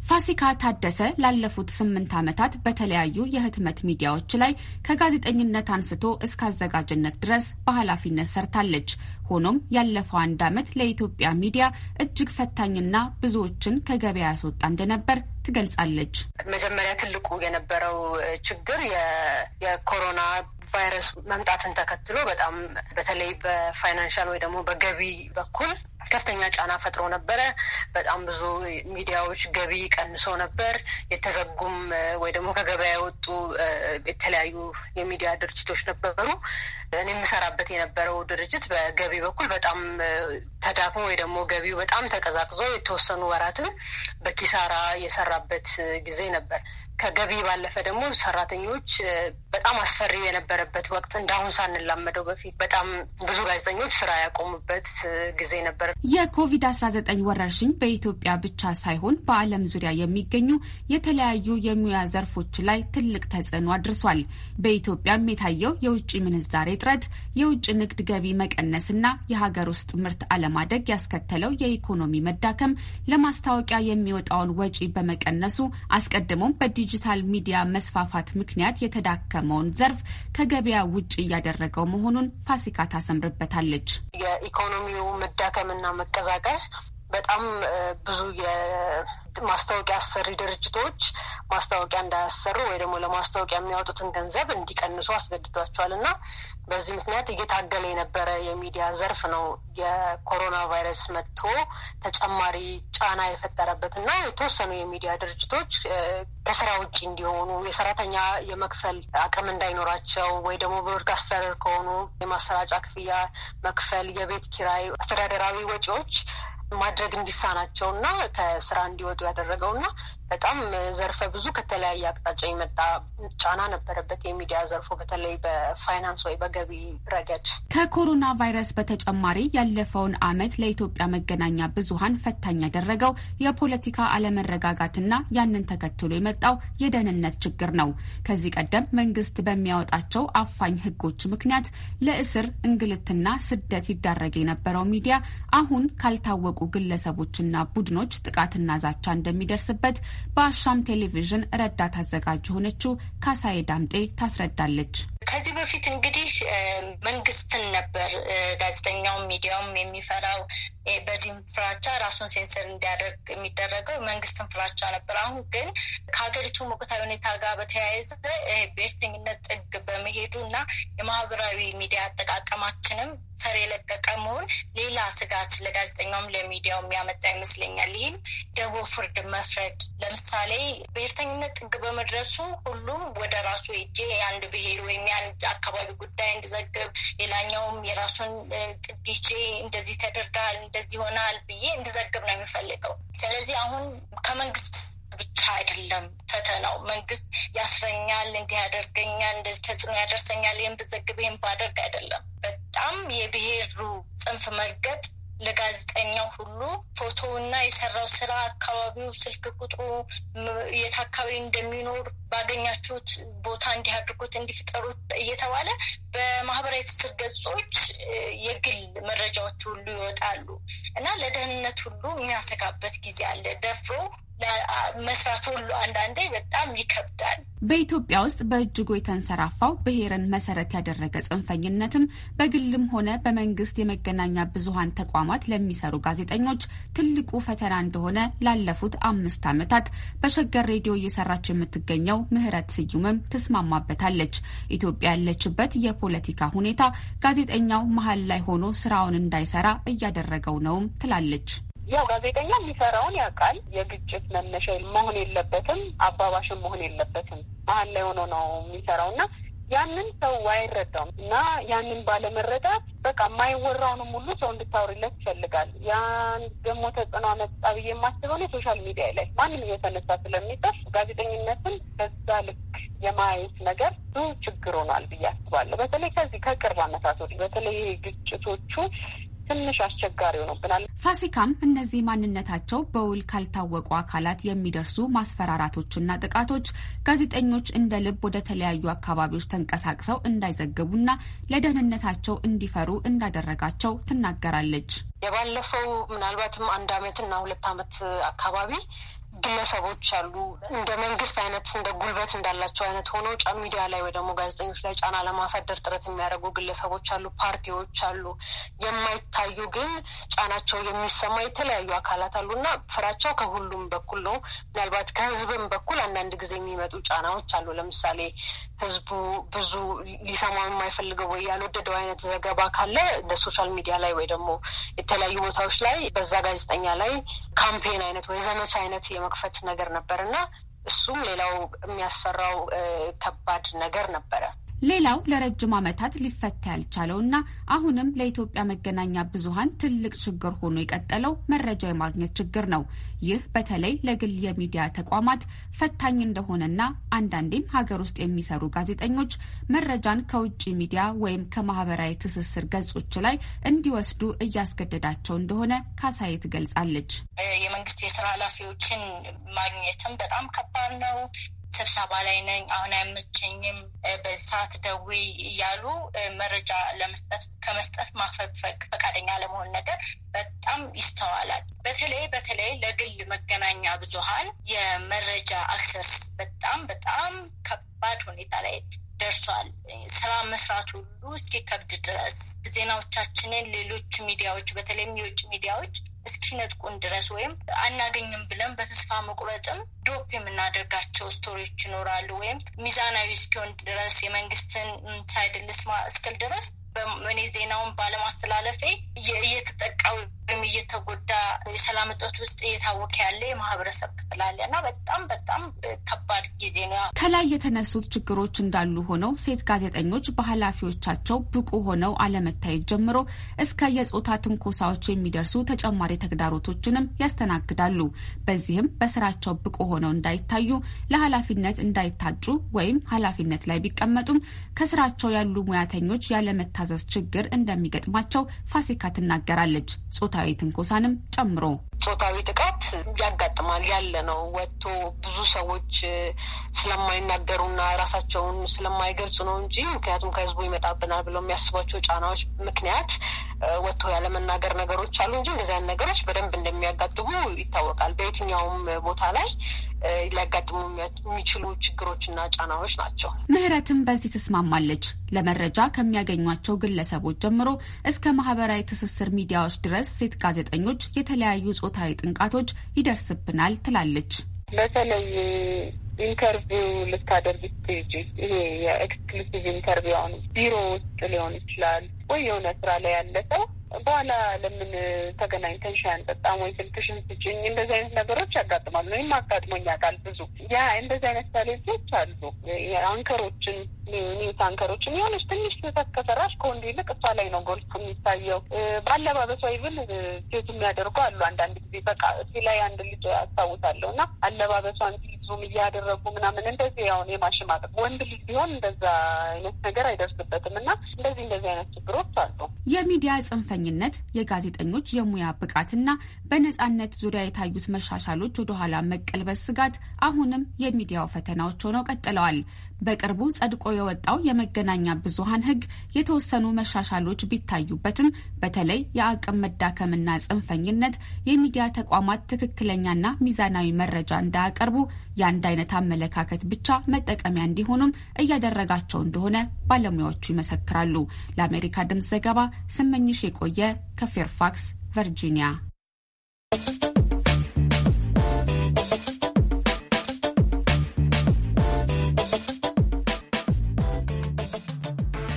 ፋሲካ ታደሰ ላለፉት ስምንት ዓመታት በተለያዩ የህትመት ሚዲያዎች ላይ ከጋዜጠኝነት አንስቶ እስከ አዘጋጅነት ድረስ በኃላፊነት ሰርታለች። ሆኖም ያለፈው አንድ ዓመት ለኢትዮጵያ ሚዲያ እጅግ ፈታኝና ብዙዎችን ከገበያ ያስወጣ እንደነበር ትገልጻለች። መጀመሪያ ትልቁ የነበረው ችግር የኮሮና ቫይረስ መምጣትን ተከትሎ በጣም በተለይ በፋይናንሻል ወይ ደግሞ በገቢ በኩል ከፍተኛ ጫና ፈጥሮ ነበረ። በጣም ብዙ ሚዲያዎች ገቢ ቀንሶ ነበር። የተዘጉም ወይ ደግሞ ከገበያ የወጡ የተለያዩ የሚዲያ ድርጅቶች ነበሩ። እኔ የምሰራበት የነበረው ድርጅት በገቢ በኩል በጣም ተዳክሞ ወይ ደግሞ ገቢው በጣም ተቀዛቅዞ የተወሰኑ ወራትም በኪሳራ የሰራበት ጊዜ ነበር። ከገቢ ባለፈ ደግሞ ሰራተኞች በጣም አስፈሪው የነበረበት ወቅት እንዳሁን ሳንላመደው በፊት በጣም ብዙ ጋዜጠኞች ስራ ያቆሙበት ጊዜ ነበር። የኮቪድ አስራ ዘጠኝ ወረርሽኝ በኢትዮጵያ ብቻ ሳይሆን በዓለም ዙሪያ የሚገኙ የተለያዩ የሙያ ዘርፎች ላይ ትልቅ ተጽዕኖ አድርሷል። በኢትዮጵያም የታየው የውጭ ምንዛሬ እጥረት፣ የውጭ ንግድ ገቢ መቀነስና የሀገር ውስጥ ምርት አለ አለማደግ ያስከተለው የኢኮኖሚ መዳከም ለማስታወቂያ የሚወጣውን ወጪ በመቀነሱ አስቀድሞም በዲጂታል ሚዲያ መስፋፋት ምክንያት የተዳከመውን ዘርፍ ከገበያ ውጭ እያደረገው መሆኑን ፋሲካ ታሰምርበታለች። የኢኮኖሚው መዳከምና መቀዛቀስ በጣም ብዙ የማስታወቂያ አሰሪ ድርጅቶች ማስታወቂያ እንዳያሰሩ ወይ ደግሞ ለማስታወቂያ የሚያወጡትን ገንዘብ እንዲቀንሱ አስገድዷቸዋል እና በዚህ ምክንያት እየታገለ የነበረ የሚዲያ ዘርፍ ነው የኮሮና ቫይረስ መጥቶ ተጨማሪ ጫና የፈጠረበት እና የተወሰኑ የሚዲያ ድርጅቶች ከስራ ውጭ እንዲሆኑ የሰራተኛ የመክፈል አቅም እንዳይኖራቸው ወይ ደግሞ ብሮድካስተር ከሆኑ የማሰራጫ ክፍያ መክፈል፣ የቤት ኪራይ፣ አስተዳደራዊ ወጪዎች ማድረግ እንዲሳናቸው እና ከስራ እንዲወጡ ያደረገው እና በጣም ዘርፈ ብዙ ከተለያየ አቅጣጫ የመጣ ጫና ነበረበት የሚዲያ ዘርፎ በተለይ በፋይናንስ ወይ በገቢ ረገድ። ከኮሮና ቫይረስ በተጨማሪ ያለፈውን ዓመት ለኢትዮጵያ መገናኛ ብዙኃን ፈታኝ ያደረገው የፖለቲካ አለመረጋጋትና ያንን ተከትሎ የመጣው የደህንነት ችግር ነው። ከዚህ ቀደም መንግስት በሚያወጣቸው አፋኝ ሕጎች ምክንያት ለእስር እንግልትና ስደት ይዳረግ የነበረው ሚዲያ አሁን ካልታወቁ ግለሰቦችና ቡድኖች ጥቃትና ዛቻ እንደሚደርስበት በአሻም ቴሌቪዥን ረዳት አዘጋጅ የሆነችው ካሳዬ ዳምጤ ታስረዳለች። ከዚህ በፊት እንግዲህ መንግስትን ነበር ጋዜጠኛውም ሚዲያውም የሚፈራው በዚህም ፍራቻ ራሱን ሴንሰር እንዲያደርግ የሚደረገው መንግስትን ፍራቻ ነበር። አሁን ግን ከሀገሪቱ ወቅታዊ ሁኔታ ጋር በተያያዘ ብሔርተኝነት ጥግ በመሄዱ እና የማህበራዊ ሚዲያ አጠቃቀማችንም ፈር የለቀቀ መሆን ሌላ ስጋት ለጋዜጠኛውም ለሚዲያው የሚያመጣ ይመስለኛል። ይህም ደቦ ፍርድ መፍረድ ለምሳሌ ብሔርተኝነት ጥግ በመድረሱ ሁሉም ወደ ራሱ እጄ የአንድ ብሔር ወይም የአንድ አካባቢ ጉዳይ እንዲዘግብ ሌላኛውም የራሱን ጥግ ይዤ እንደዚህ ተደርጋል እንደዚህ ይሆናል ብዬ እንድዘግብ ነው የሚፈልገው። ስለዚህ አሁን ከመንግስት ብቻ አይደለም ፈተናው። መንግስት ያስረኛል፣ እንዲህ ያደርገኛል፣ እንደዚህ ተጽዕኖ ያደርሰኛል፣ ይህን ብዘግብ ይህን ባደርግ አይደለም። በጣም የብሔሩ ጽንፍ መርገጥ ለጋዜጠኛው ሁሉ ፎቶውና የሰራው ስራ፣ አካባቢው፣ ስልክ ቁጥሩ፣ የት አካባቢ እንደሚኖር ባገኛችሁት ቦታ እንዲያድርጉት አድርጉት እየተባለ በማህበራዊ ትስስር ገጾች የግል መረጃዎች ሁሉ ይወጣሉ እና ለደህንነት ሁሉ የሚያሰጋበት ጊዜ አለ። ደፍሮ መስራት ሁሉ አንዳንዴ በጣም ይከብዳል። በኢትዮጵያ ውስጥ በእጅጉ የተንሰራፋው ብሔርን መሰረት ያደረገ ጽንፈኝነትም በግልም ሆነ በመንግስት የመገናኛ ብዙሀን ተቋማት ለሚሰሩ ጋዜጠኞች ትልቁ ፈተና እንደሆነ ላለፉት አምስት ዓመታት በሸገር ሬዲዮ እየሰራች የምትገኘው ምህረት ስዩምም ትስማማበታለች። ኢትዮጵያ ያለችበት የፖለቲካ ሁኔታ ጋዜጠኛው መሀል ላይ ሆኖ ስራውን እንዳይሰራ እያደረገው ነውም ትላለች። ያው ጋዜጠኛ የሚሰራውን ያውቃል። የግጭት መነሻ መሆን የለበትም፣ አባባሽም መሆን የለበትም። መሀል ላይ ሆኖ ነው የሚሰራው እና ያንን ሰው አይረዳውም እና ያንን ባለመረዳት በቃ የማይወራውንም ሁሉ ሰው እንድታወሪለት ይፈልጋል። ያን ደግሞ ተጽዕኖ መጣ ብዬ የማስበው ሶሻል ሚዲያ ላይ ማንም እየተነሳ ስለሚጠፍ ጋዜጠኝነትን በዛ ልክ የማየት ነገር ብዙ ችግር ሆኗል ብዬ አስባለሁ። በተለይ ከዚህ ከቅርብ አመታት ወዲህ በተለይ ግጭቶቹ ትንሽ አስቸጋሪ ሆኖብናል። ፋሲካም እነዚህ ማንነታቸው በውል ካልታወቁ አካላት የሚደርሱ ማስፈራራቶችና ጥቃቶች ጋዜጠኞች እንደ ልብ ወደ ተለያዩ አካባቢዎች ተንቀሳቅሰው እንዳይዘግቡና ለደህንነታቸው እንዲፈሩ እንዳደረጋቸው ትናገራለች። የባለፈው ምናልባትም አንድ አመት ሁለት አመት አካባቢ ግለሰቦች አሉ እንደ መንግስት አይነት እንደ ጉልበት እንዳላቸው አይነት ሆነው ሚዲያ ላይ ወይ ደግሞ ጋዜጠኞች ላይ ጫና ለማሳደር ጥረት የሚያደርጉ ግለሰቦች አሉ፣ ፓርቲዎች አሉ፣ የማይታዩ ግን ጫናቸው የሚሰማ የተለያዩ አካላት አሉ እና ፍራቻው ከሁሉም በኩል ነው። ምናልባት ከህዝብም በኩል አንዳንድ ጊዜ የሚመጡ ጫናዎች አሉ። ለምሳሌ ህዝቡ ብዙ ሊሰማው የማይፈልገው ወይ ያልወደደው አይነት ዘገባ ካለ እንደ ሶሻል ሚዲያ ላይ ወይ ደግሞ የተለያዩ ቦታዎች ላይ በዛ ጋዜጠኛ ላይ ካምፔን አይነት ወይ ዘመቻ አይነት የመክፈት ነገር ነበር እና እሱም ሌላው የሚያስፈራው ከባድ ነገር ነበረ። ሌላው ለረጅም ዓመታት ሊፈታ ያልቻለውና አሁንም ለኢትዮጵያ መገናኛ ብዙሃን ትልቅ ችግር ሆኖ የቀጠለው መረጃ የማግኘት ችግር ነው። ይህ በተለይ ለግል የሚዲያ ተቋማት ፈታኝ እንደሆነና አንዳንዴም ሀገር ውስጥ የሚሰሩ ጋዜጠኞች መረጃን ከውጭ ሚዲያ ወይም ከማህበራዊ ትስስር ገጾች ላይ እንዲወስዱ እያስገደዳቸው እንደሆነ ካሳይ ትገልጻለች። የመንግስት የስራ ኃላፊዎችን ማግኘትም በጣም ከባድ ነው። ስብሰባ ላይ ነኝ፣ አሁን አይመቸኝም፣ በዚህ ሰዓት ደውይ እያሉ መረጃ ለመስጠት ከመስጠት ማፈግፈግ፣ ፈቃደኛ ለመሆን ነገር በጣም ይስተዋላል። በተለይ በተለይ ለግል መገናኛ ብዙሃን የመረጃ አክሰስ በጣም በጣም ከባድ ሁኔታ ላይ ደርሷል። ስራ መስራት ሁሉ እስኪከብድ ድረስ ዜናዎቻችንን ሌሎች ሚዲያዎች በተለይም የውጭ ሚዲያዎች እስኪነጥቁን ድረስ ወይም አናገኝም ብለን በተስፋ መቁረጥም ድሮፕ የምናደርጋቸው ስቶሪዎች ይኖራሉ። ወይም ሚዛናዊ እስኪሆን ድረስ የመንግስትን ሳይድል እስክል ድረስ እኔ ዜናውን ባለማስተላለፌ እየተጠቃው ወይም እየተጎዳ የሰላም እጦት ውስጥ እየታወቀ ያለ የማህበረሰብ ክፍል አለ እና በጣም በጣም ከባድ ጊዜ ነው። ከላይ የተነሱት ችግሮች እንዳሉ ሆነው ሴት ጋዜጠኞች በኃላፊዎቻቸው ብቁ ሆነው አለመታየት ጀምሮ እስከ የጾታ ትንኮሳዎች የሚደርሱ ተጨማሪ ተግዳሮቶችንም ያስተናግዳሉ። በዚህም በስራቸው ብቁ ሆነው እንዳይታዩ፣ ለኃላፊነት እንዳይታጩ ወይም ኃላፊነት ላይ ቢቀመጡም ከስራቸው ያሉ ሙያተኞች ያለመታ የመታዘዝ ችግር እንደሚገጥማቸው ፋሲካ ትናገራለች። ጾታዊ ትንኮሳንም ጨምሮ ጾታዊ ጥቃት ያጋጥማል ያለ ነው። ወጥቶ ብዙ ሰዎች ስለማይናገሩና ራሳቸውን ስለማይገልጹ ነው እንጂ ምክንያቱም ከህዝቡ ይመጣብናል ብለው የሚያስቧቸው ጫናዎች ምክንያት ወጥቶ ያለመናገር ነገሮች አሉ እንጂ አይነት ነገሮች በደንብ እንደሚያጋጥሙ ይታወቃል። በየትኛውም ቦታ ላይ ሊያጋጥሙ የሚችሉ ችግሮችና ጫናዎች ናቸው። ምህረትም በዚህ ትስማማለች። ለመረጃ ከሚያገኟቸው ግለሰቦች ጀምሮ እስከ ማህበራዊ ትስስር ሚዲያዎች ድረስ ሴት ጋዜጠኞች የተለያዩ ጾታዊ ጥንቃቶች ይደርስብናል ትላለች። በተለይ ኢንተርቪው ልታደርግ ስቴጅ ይሄ የኤክስክሉሲቭ ኢንተርቪው አሁን ቢሮ ውስጥ ሊሆን ይችላል ወይ የሆነ ስራ ላይ ያለ ሰው በኋላ ለምን ተገናኝተን ሻይ አንጠጣም ወይ ስልክሽን ስጭኝ፣ እንደዚህ አይነት ነገሮች ያጋጥማሉ። ወይም አጋጥሞኛ ቃል ብዙ ያ እንደዚህ አይነት ሳሌዞች አሉ። አንከሮችን ኒውስ አንከሮችን የሆነች ትንሽ ስህተት ከሰራሽ ከወንዱ ይልቅ እሷ ላይ ነው ጎልፍ የሚታየው። በአለባበሷ ይብል ሴቱ የሚያደርጉ አሉ። አንዳንድ ጊዜ በቃ እዚህ ላይ አንድ ልጅ አስታውሳለሁ እና አለባበሷን ዙም እያደረጉ ምናምን እንደዚህ ያሁን የማሽማቅ ወንድ ልጅ ቢሆን እንደዛ አይነት ነገር አይደርስበትም እና እንደዚህ እንደዚህ አይነት ችግሮች ነገሮች አሉ። የሚዲያ ጽንፈኝነት፣ የጋዜጠኞች የሙያ ብቃትና በነጻነት ዙሪያ የታዩት መሻሻሎች ወደኋላ መቀልበስ ስጋት አሁንም የሚዲያው ፈተናዎች ሆነው ቀጥለዋል። በቅርቡ ጸድቆ የወጣው የመገናኛ ብዙሃን ህግ የተወሰኑ መሻሻሎች ቢታዩበትም በተለይ የአቅም መዳከምና ጽንፈኝነት የሚዲያ ተቋማት ትክክለኛና ሚዛናዊ መረጃ እንዳያቀርቡ የአንድ አይነት አመለካከት ብቻ መጠቀሚያ እንዲሆኑም እያደረጋቸው እንደሆነ ባለሙያዎቹ ይመሰክራሉ። ለአሜሪካ ድምፅ ዘገባ ስመኝሽ የቆየ ከፌርፋክስ ቨርጂኒያ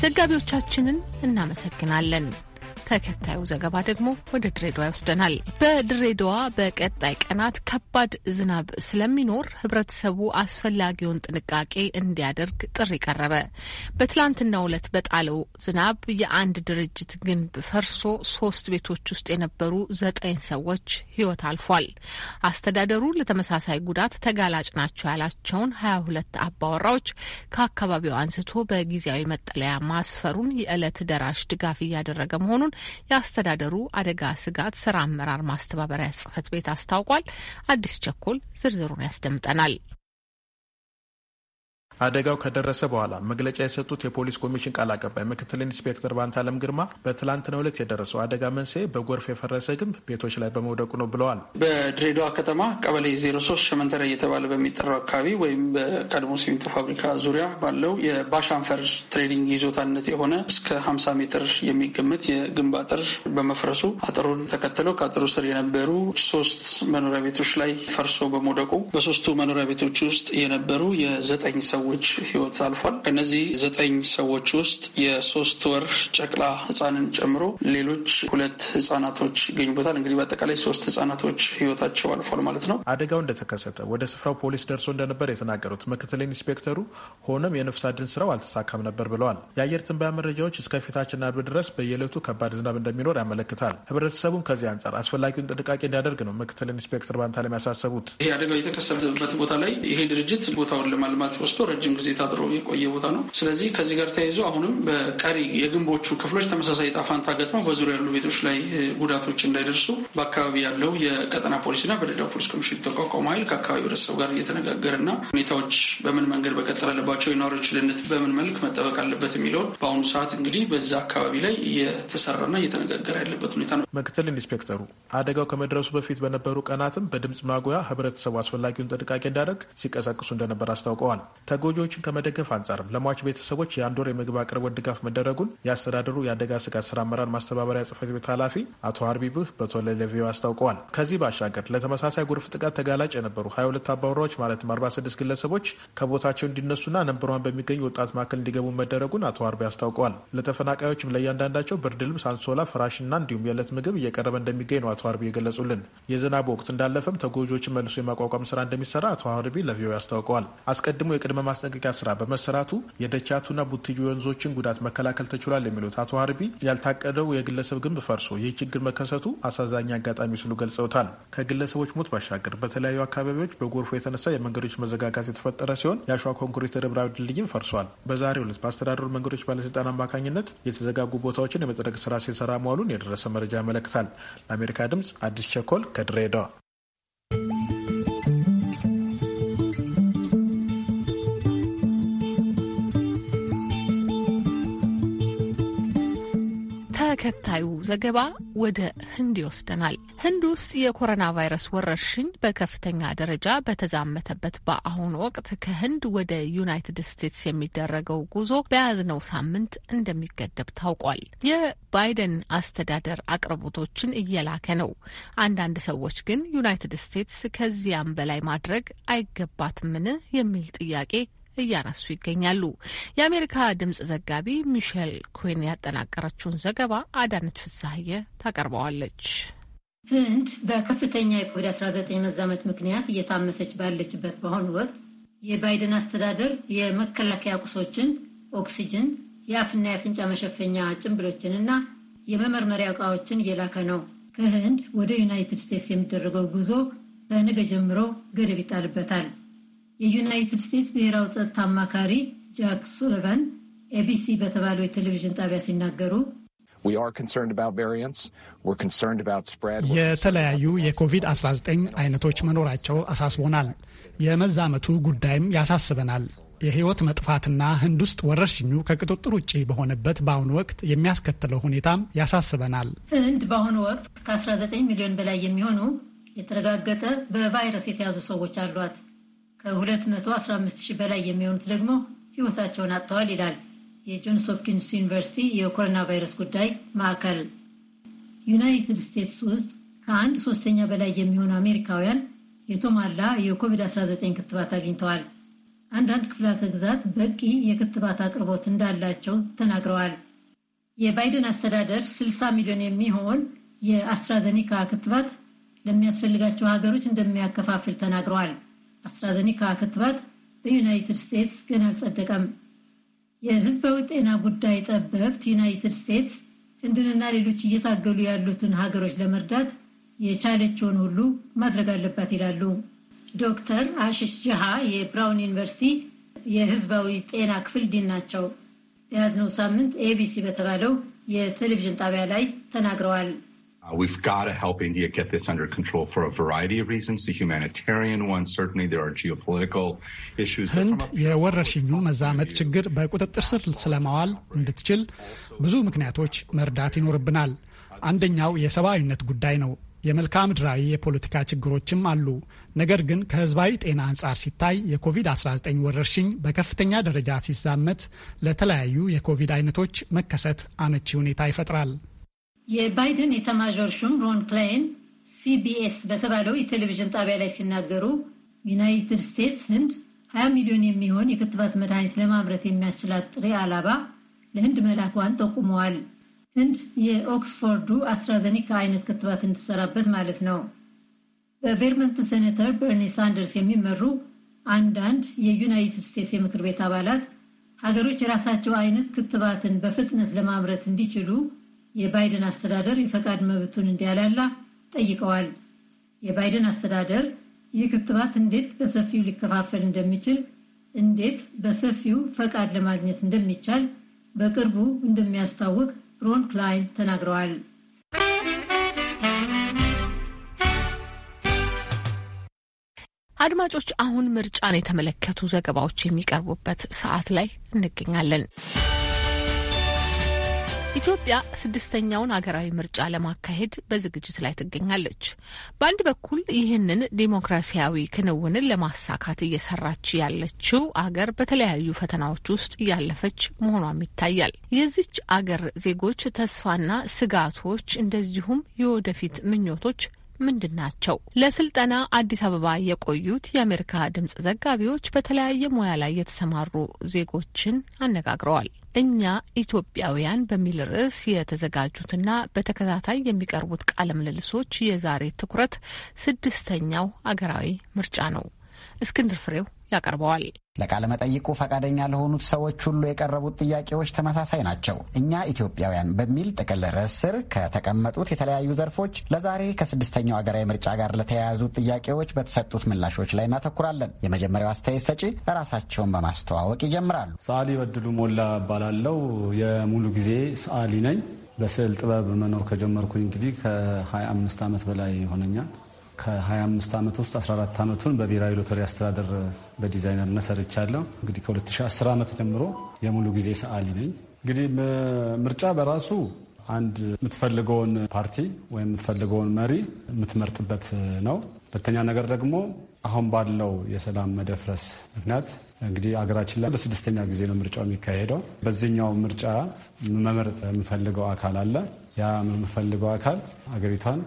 ዘጋቢዎቻችንን እናመሰግናለን። ተከታዩ ዘገባ ደግሞ ወደ ድሬዳዋ ይወስደናል። በድሬዳዋ በቀጣይ ቀናት ከባድ ዝናብ ስለሚኖር ህብረተሰቡ አስፈላጊውን ጥንቃቄ እንዲያደርግ ጥሪ ቀረበ። በትላንትናው ዕለት በጣለው ዝናብ የአንድ ድርጅት ግንብ ፈርሶ ሶስት ቤቶች ውስጥ የነበሩ ዘጠኝ ሰዎች ህይወት አልፏል። አስተዳደሩ ለተመሳሳይ ጉዳት ተጋላጭ ናቸው ያላቸውን ሀያ ሁለት አባወራዎች ከአካባቢው አንስቶ በጊዜያዊ መጠለያ ማስፈሩን የዕለት ደራሽ ድጋፍ እያደረገ መሆኑን መሆኑን የአስተዳደሩ አደጋ ስጋት ስራ አመራር ማስተባበሪያ ጽህፈት ቤት አስታውቋል። አዲስ ቸኮል ዝርዝሩን ያስደምጠናል። አደጋው ከደረሰ በኋላ መግለጫ የሰጡት የፖሊስ ኮሚሽን ቃል አቀባይ ምክትል ኢንስፔክተር ባንታለም ግርማ በትላንትናው ዕለት የደረሰው አደጋ መንስኤ በጎርፍ የፈረሰ ግንብ ቤቶች ላይ በመውደቁ ነው ብለዋል። በድሬዳዋ ከተማ ቀበሌ 03 ሸመንተረ እየተባለ በሚጠራው አካባቢ ወይም በቀድሞ ሲሚንቶ ፋብሪካ ዙሪያ ባለው የባሻንፈር ትሬዲንግ ይዞታነት የሆነ እስከ 50 ሜትር የሚገመት የግንብ አጥር በመፍረሱ አጥሩን ተከትለው ከአጥሩ ስር የነበሩ ሶስት መኖሪያ ቤቶች ላይ ፈርሶ በመውደቁ በሶስቱ መኖሪያ ቤቶች ውስጥ የነበሩ የዘጠኝ ሰዎች ሰዎች ህይወት አልፏል። ከነዚህ ዘጠኝ ሰዎች ውስጥ የሶስት ወር ጨቅላ ህጻንን ጨምሮ ሌሎች ሁለት ህጻናቶች ይገኙበታል። እንግዲህ በአጠቃላይ ሶስት ህጻናቶች ህይወታቸው አልፏል ማለት ነው። አደጋው እንደተከሰተ ወደ ስፍራው ፖሊስ ደርሶ እንደነበር የተናገሩት ምክትል ኢንስፔክተሩ፣ ሆኖም የነፍስ አድን ስራው አልተሳካም ነበር ብለዋል። የአየር ትንበያ መረጃዎች እስከ ፊታችን አርብ ድረስ በየዕለቱ ከባድ ዝናብ እንደሚኖር ያመለክታል። ህብረተሰቡም ከዚህ አንጻር አስፈላጊውን ጥንቃቄ እንዲያደርግ ነው ምክትል ኢንስፔክተር ባንታለም ያሳሰቡት። ይሄ አደጋው የተከሰተበት ቦታ ላይ ይሄ ድርጅት ቦታውን ለማልማት ወስዶ ረጅም ጊዜ ታጥሮ የቆየ ቦታ ነው። ስለዚህ ከዚህ ጋር ተያይዞ አሁንም በቀሪ የግንቦቹ ክፍሎች ተመሳሳይ ጣፋን ገጥመው በዙሪያ ያሉ ቤቶች ላይ ጉዳቶች እንዳይደርሱ በአካባቢ ያለው የቀጠና ፖሊስና በደዳ ፖሊስ ኮሚሽን የተቋቋመ ኃይል ከአካባቢ ህብረተሰቡ ጋር እየተነጋገረና ሁኔታዎች በምን መንገድ በቀጠል አለባቸው፣ የነዋሪዎች ደህንነት በምን መልክ መጠበቅ አለበት የሚለውን በአሁኑ ሰዓት እንግዲህ በዛ አካባቢ ላይ እየተሰራና እየተነጋገረ ያለበት ሁኔታ ነው። ምክትል ኢንስፔክተሩ አደጋው ከመድረሱ በፊት በነበሩ ቀናትም በድምፅ ማጉያ ህብረተሰቡ አስፈላጊውን ጥንቃቄ እንዳደረግ ሲቀሰቅሱ እንደነበር አስታውቀዋል። ተጎጂዎችን ከመደገፍ አንጻርም ለሟች ቤተሰቦች የአንድ ወር የምግብ አቅርቦት ድጋፍ መደረጉን የአስተዳደሩ የአደጋ ስጋት ስራ አመራር ማስተባበሪያ ጽህፈት ቤት ኃላፊ አቶ አርቢብህ በተወለ ለቪዮ አስታውቀዋል። ከዚህ ባሻገር ለተመሳሳይ ጎርፍ ጥቃት ተጋላጭ የነበሩ 22 አባወራዎች ማለትም 46 ግለሰቦች ከቦታቸው እንዲነሱና ነንበሯን በሚገኙ ወጣት ማዕከል እንዲገቡ መደረጉን አቶ አርቢ አስታውቀዋል። ለተፈናቃዮችም ለእያንዳንዳቸው ብርድ ልብስ፣ አንሶላ፣ ፍራሽና እንዲሁም የዕለት ምግብ እየቀረበ እንደሚገኝ ነው አቶ አርቢ የገለጹልን። የዝናቡ ወቅት እንዳለፈም ተጎጂዎችን መልሶ የማቋቋም ስራ እንደሚሰራ አቶ አርቢ ለቪዮ አስታውቀዋል። አስቀድሞ የቅድመ የማስጠንቀቂያ ስራ በመሰራቱ የደቻቱና ቡትዩ ወንዞችን ጉዳት መከላከል ተችሏል የሚሉት አቶ ሀርቢ ያልታቀደው የግለሰብ ግንብ ፈርሶ ይህ ችግር መከሰቱ አሳዛኝ አጋጣሚ ሲሉ ገልጸውታል። ከግለሰቦች ሞት ባሻገር በተለያዩ አካባቢዎች በጎርፎ የተነሳ የመንገዶች መዘጋጋት የተፈጠረ ሲሆን የአሸዋ ኮንክሪት ርብራዊ ድልድይም ፈርሷል። በዛሬው ዕለት በአስተዳደሩ መንገዶች ባለስልጣን አማካኝነት የተዘጋጉ ቦታዎችን የመጠረቅ ስራ ሲሰራ መዋሉን የደረሰ መረጃ ያመለክታል። ለአሜሪካ ድምጽ አዲስ ቸኮል ከድሬዳዋ ተከታዩ ዘገባ ወደ ህንድ ይወስደናል። ህንድ ውስጥ የኮሮና ቫይረስ ወረርሽኝ በከፍተኛ ደረጃ በተዛመተበት በአሁኑ ወቅት ከህንድ ወደ ዩናይትድ ስቴትስ የሚደረገው ጉዞ በያዝነው ሳምንት እንደሚገደብ ታውቋል። የባይደን አስተዳደር አቅርቦቶችን እየላከ ነው። አንዳንድ ሰዎች ግን ዩናይትድ ስቴትስ ከዚያም በላይ ማድረግ አይገባትምን የሚል ጥያቄ እያነሱ ይገኛሉ። የአሜሪካ ድምጽ ዘጋቢ ሚሼል ኩዌን ያጠናቀረችውን ዘገባ አዳነች ፍሳሀየ ታቀርበዋለች። ህንድ በከፍተኛ የኮቪድ-19 መዛመት ምክንያት እየታመሰች ባለችበት በአሁኑ ወቅት የባይደን አስተዳደር የመከላከያ ቁሶችን፣ ኦክሲጅን፣ የአፍና የአፍንጫ መሸፈኛ ጭንብሎችንና የመመርመሪያ እቃዎችን እየላከ ነው። ከህንድ ወደ ዩናይትድ ስቴትስ የሚደረገው ጉዞ ከነገ ጀምሮ ገደብ ይጣልበታል። የዩናይትድ ስቴትስ ብሔራዊ ጸጥታ አማካሪ ጃክ ሱሊቫን ኤቢሲ በተባለው የቴሌቪዥን ጣቢያ ሲናገሩ የተለያዩ የኮቪድ-19 አይነቶች መኖራቸው አሳስቦናል። የመዛመቱ ጉዳይም ያሳስበናል። የህይወት መጥፋትና ህንድ ውስጥ ወረርሽኙ ከቁጥጥር ውጭ በሆነበት በአሁኑ ወቅት የሚያስከትለው ሁኔታም ያሳስበናል። ህንድ በአሁኑ ወቅት ከ19 ሚሊዮን በላይ የሚሆኑ የተረጋገጠ በቫይረስ የተያዙ ሰዎች አሏት። ከ215 ሺህ በላይ የሚሆኑት ደግሞ ህይወታቸውን አጥተዋል ይላል የጆንስ ሆፕኪንስ ዩኒቨርሲቲ የኮሮና ቫይረስ ጉዳይ ማዕከል። ዩናይትድ ስቴትስ ውስጥ ከአንድ ሶስተኛ በላይ የሚሆኑ አሜሪካውያን የተሟላ የኮቪድ-19 ክትባት አግኝተዋል። አንዳንድ ክፍላተ ግዛት በቂ የክትባት አቅርቦት እንዳላቸው ተናግረዋል። የባይደን አስተዳደር 60 ሚሊዮን የሚሆን የአስትራዘኒካ ክትባት ለሚያስፈልጋቸው ሀገሮች እንደሚያከፋፍል ተናግረዋል። አስትራዘኒካ ክትባት በዩናይትድ ስቴትስ ግን አልጸደቀም። የህዝባዊ ጤና ጉዳይ ጠበብት ዩናይትድ ስቴትስ ህንድንና ሌሎች እየታገሉ ያሉትን ሀገሮች ለመርዳት የቻለችውን ሁሉ ማድረግ አለባት ይላሉ። ዶክተር አሽሽ ጅሃ የብራውን ዩኒቨርሲቲ የህዝባዊ ጤና ክፍል ዲን ናቸው። የያዝነው ሳምንት ኤቢሲ በተባለው የቴሌቪዥን ጣቢያ ላይ ተናግረዋል። Uh, we've got to help India get this under control for a variety of reasons. The humanitarian one, certainly there are geopolitical issues. ህንድ የወረርሽኙን መዛመት ችግር በቁጥጥር ስር ስለማዋል እንድትችል ብዙ ምክንያቶች መርዳት ይኖርብናል። አንደኛው የሰብአዊነት ጉዳይ ነው። የመልክዓ ምድራዊ የፖለቲካ ችግሮችም አሉ። ነገር ግን ከህዝባዊ ጤና አንጻር ሲታይ የኮቪድ-19 ወረርሽኝ በከፍተኛ ደረጃ ሲዛመት ለተለያዩ የኮቪድ አይነቶች መከሰት አመቺ ሁኔታ ይፈጥራል። የባይደን የተማዦር ሹም ሮን ክላይን ሲቢኤስ በተባለው የቴሌቪዥን ጣቢያ ላይ ሲናገሩ ዩናይትድ ስቴትስ ህንድ 20 ሚሊዮን የሚሆን የክትባት መድኃኒት ለማምረት የሚያስችላት ጥሬ አላባ ለህንድ መላኳን ጠቁመዋል። ህንድ የኦክስፎርዱ አስትራዘኒካ አይነት ክትባት እንድትሰራበት ማለት ነው። በቬርመንቱ ሴኔተር በርኒ ሳንደርስ የሚመሩ አንዳንድ የዩናይትድ ስቴትስ የምክር ቤት አባላት ሀገሮች የራሳቸው አይነት ክትባትን በፍጥነት ለማምረት እንዲችሉ የባይደን አስተዳደር የፈቃድ መብቱን እንዲያላላ ጠይቀዋል። የባይደን አስተዳደር ይህ ክትባት እንዴት በሰፊው ሊከፋፈል እንደሚችል፣ እንዴት በሰፊው ፈቃድ ለማግኘት እንደሚቻል በቅርቡ እንደሚያስታውቅ ሮን ክላይን ተናግረዋል። አድማጮች፣ አሁን ምርጫን የተመለከቱ ዘገባዎች የሚቀርቡበት ሰዓት ላይ እንገኛለን። ኢትዮጵያ ስድስተኛውን ሀገራዊ ምርጫ ለማካሄድ በዝግጅት ላይ ትገኛለች። በአንድ በኩል ይህንን ዲሞክራሲያዊ ክንውንን ለማሳካት እየሰራች ያለችው አገር በተለያዩ ፈተናዎች ውስጥ እያለፈች መሆኗም ይታያል። የዚች አገር ዜጎች ተስፋና ስጋቶች እንደዚሁም የወደፊት ምኞቶች ምንድን ናቸው? ለስልጠና አዲስ አበባ የቆዩት የአሜሪካ ድምጽ ዘጋቢዎች በተለያየ ሙያ ላይ የተሰማሩ ዜጎችን አነጋግረዋል። እኛ ኢትዮጵያውያን በሚል ርዕስ የተዘጋጁትና በተከታታይ የሚቀርቡት ቃለ ምልልሶች የዛሬ ትኩረት ስድስተኛው አገራዊ ምርጫ ነው። እስክንድር ፍሬው ያቀርበዋል። ለቃለ መጠይቁ ፈቃደኛ ለሆኑት ሰዎች ሁሉ የቀረቡት ጥያቄዎች ተመሳሳይ ናቸው። እኛ ኢትዮጵያውያን በሚል ጥቅል ርዕስ ስር ከተቀመጡት የተለያዩ ዘርፎች ለዛሬ ከስድስተኛው ሀገራዊ ምርጫ ጋር ለተያያዙ ጥያቄዎች በተሰጡት ምላሾች ላይ እናተኩራለን። የመጀመሪያው አስተያየት ሰጪ ራሳቸውን በማስተዋወቅ ይጀምራሉ። ሰዓሊ በድሉ ሞላ እባላለሁ። የሙሉ ጊዜ ሰዓሊ ነኝ። በስዕል ጥበብ መኖር ከጀመርኩኝ እንግዲህ ከ25 ዓመት በላይ ሆነኛል። ከ25 ዓመት ውስጥ 14 ዓመቱን በብሔራዊ ሎተሪ አስተዳደር በዲዛይነር ሰርቻለሁ። እንግዲህ ከ2010 ዓመት ጀምሮ የሙሉ ጊዜ ሰዓሊ ነኝ። እንግዲህ ምርጫ በራሱ አንድ የምትፈልገውን ፓርቲ ወይም የምትፈልገውን መሪ የምትመርጥበት ነው። ሁለተኛ ነገር ደግሞ አሁን ባለው የሰላም መደፍረስ ምክንያት እንግዲህ አገራችን ላይ ለስድስተኛ ጊዜ ነው ምርጫው የሚካሄደው። በዚህኛው ምርጫ መመረጥ የምፈልገው አካል አለ። ያ የምፈልገው አካል አገሪቷን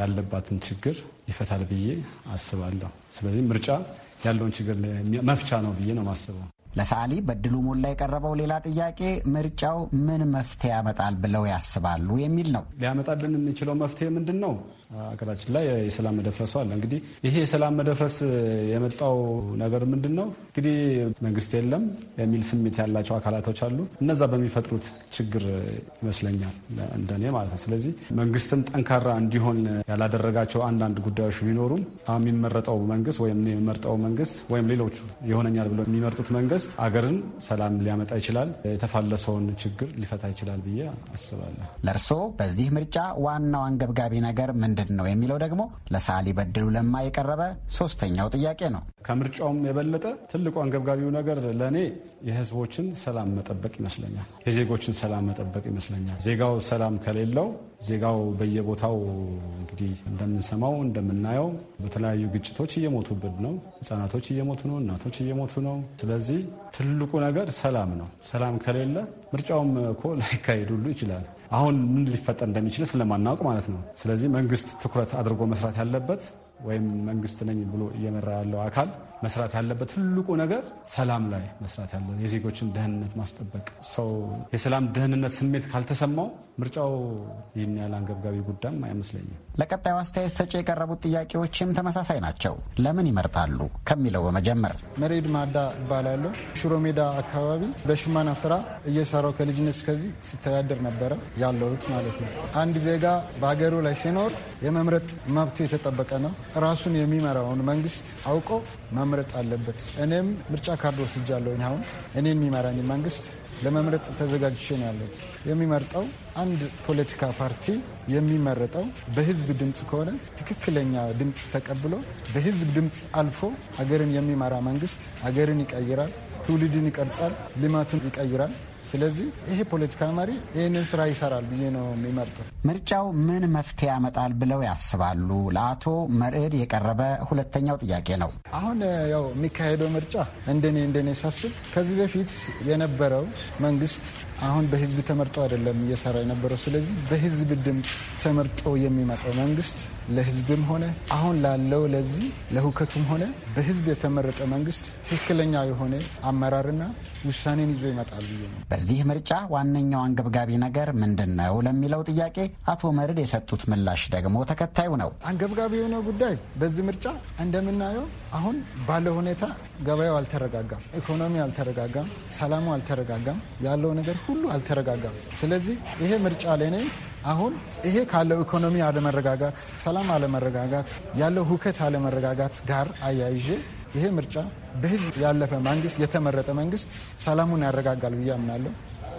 ያለባትን ችግር ይፈታል ብዬ አስባለሁ። ስለዚህ ምርጫ ያለውን ችግር መፍቻ ነው ብዬ ነው ማስበው። ለሰዓሊ በድሉ ሞላ የቀረበው ሌላ ጥያቄ ምርጫው ምን መፍትሄ ያመጣል ብለው ያስባሉ የሚል ነው። ሊያመጣልን የሚችለው መፍትሄ ምንድን ነው? ሀገራችን ላይ የሰላም መደፍረሱ አለ። እንግዲህ ይሄ የሰላም መደፍረስ የመጣው ነገር ምንድን ነው? እንግዲህ መንግስት የለም የሚል ስሜት ያላቸው አካላቶች አሉ። እነዛ በሚፈጥሩት ችግር ይመስለኛል እንደኔ ማለት ነው። ስለዚህ መንግስትም ጠንካራ እንዲሆን ያላደረጋቸው አንዳንድ ጉዳዮች ቢኖሩም የሚመረጠው መንግስት ወይም የሚመርጠው መንግስት ወይም ሌሎቹ ይሆነኛል ብሎ የሚመርጡት መንግስት አገርን ሰላም ሊያመጣ ይችላል፣ የተፋለሰውን ችግር ሊፈታ ይችላል ብዬ አስባለሁ። ለእርስዎ በዚህ ምርጫ ዋናው አንገብጋቢ ነገር ምንድን ምንድን ነው የሚለው ደግሞ ለሳሊ በድሉ ለማ የቀረበ ሶስተኛው ጥያቄ ነው። ከምርጫውም የበለጠ ትልቁ አንገብጋቢው ነገር ለእኔ የህዝቦችን ሰላም መጠበቅ ይመስለኛል። የዜጎችን ሰላም መጠበቅ ይመስለኛል። ዜጋው ሰላም ከሌለው ዜጋው በየቦታው እንግዲህ እንደምንሰማው እንደምናየው በተለያዩ ግጭቶች እየሞቱብን ነው። ህጻናቶች እየሞቱ ነው። እናቶች እየሞቱ ነው። ስለዚህ ትልቁ ነገር ሰላም ነው። ሰላም ከሌለ ምርጫውም እኮ ላይካሄድ ሁሉ ይችላል። አሁን ምን ሊፈጠር እንደሚችል ስለማናውቅ ማለት ነው። ስለዚህ መንግስት ትኩረት አድርጎ መስራት ያለበት ወይም መንግስት ነኝ ብሎ እየመራ ያለው አካል መስራት ያለበት ትልቁ ነገር ሰላም ላይ መስራት ያለ የዜጎችን ደህንነት ማስጠበቅ። ሰው የሰላም ደህንነት ስሜት ካልተሰማው ምርጫው ይህን ያህል አንገብጋቢ ጉዳይም አይመስለኝም። ለቀጣዩ አስተያየት ሰጪ የቀረቡት ጥያቄዎችም ተመሳሳይ ናቸው። ለምን ይመርጣሉ ከሚለው በመጀመር መሬድ ማዳ እባላለሁ። ሽሮ ሜዳ አካባቢ በሽመና ስራ እየሰራው ከልጅነት እስከዚህ ሲተዳደር ነበረ ያለሁት ማለት ነው። አንድ ዜጋ በሀገሩ ላይ ሲኖር የመምረጥ መብቱ የተጠበቀ ነው። ራሱን የሚመራውን መንግስት አውቆ መምረጥ አለበት። እኔም ምርጫ ካርድ ወስጃለሁ። አሁን እኔ የሚመራኝ መንግስት ለመምረጥ ተዘጋጅቼ ነው ያለሁት። የሚመርጠው አንድ ፖለቲካ ፓርቲ የሚመረጠው በህዝብ ድምፅ ከሆነ ትክክለኛ ድምፅ ተቀብሎ በህዝብ ድምፅ አልፎ አገርን የሚመራ መንግስት አገርን ይቀይራል፣ ትውልድን ይቀርጻል፣ ልማትን ይቀይራል ስለዚህ ይሄ ፖለቲካ መሪ ይህንን ስራ ይሰራል ብዬ ነው የሚመርጠው። ምርጫው ምን መፍትሄ ያመጣል ብለው ያስባሉ? ለአቶ መርዕድ የቀረበ ሁለተኛው ጥያቄ ነው። አሁን ያው የሚካሄደው ምርጫ እንደኔ እንደኔ ሳስብ ከዚህ በፊት የነበረው መንግስት አሁን በህዝብ ተመርጦ አይደለም እየሰራ የነበረው። ስለዚህ በህዝብ ድምፅ ተመርጦ የሚመጣው መንግስት ለህዝብም ሆነ አሁን ላለው ለዚህ ለሁከቱም ሆነ በህዝብ የተመረጠ መንግስት ትክክለኛ የሆነ አመራርና ውሳኔን ይዞ ይመጣል ብዬ ነው። በዚህ ምርጫ ዋነኛው አንገብጋቢ ነገር ምንድን ነው ለሚለው ጥያቄ አቶ መርድ የሰጡት ምላሽ ደግሞ ተከታዩ ነው። አንገብጋቢ የሆነው ጉዳይ በዚህ ምርጫ እንደምናየው አሁን ባለ ሁኔታ ገበያው አልተረጋጋም፣ ኢኮኖሚ አልተረጋጋም፣ ሰላሙ አልተረጋጋም፣ ያለው ነገር ሁሉ አልተረጋጋም። ስለዚህ ይሄ ምርጫ ላይ አሁን ይሄ ካለው ኢኮኖሚ አለመረጋጋት፣ ሰላም አለመረጋጋት፣ ያለው ሁከት አለመረጋጋት ጋር አያይዤ ይሄ ምርጫ በህዝብ ያለፈ መንግስት የተመረጠ መንግስት ሰላሙን ያረጋጋል ብዬ አምናለሁ።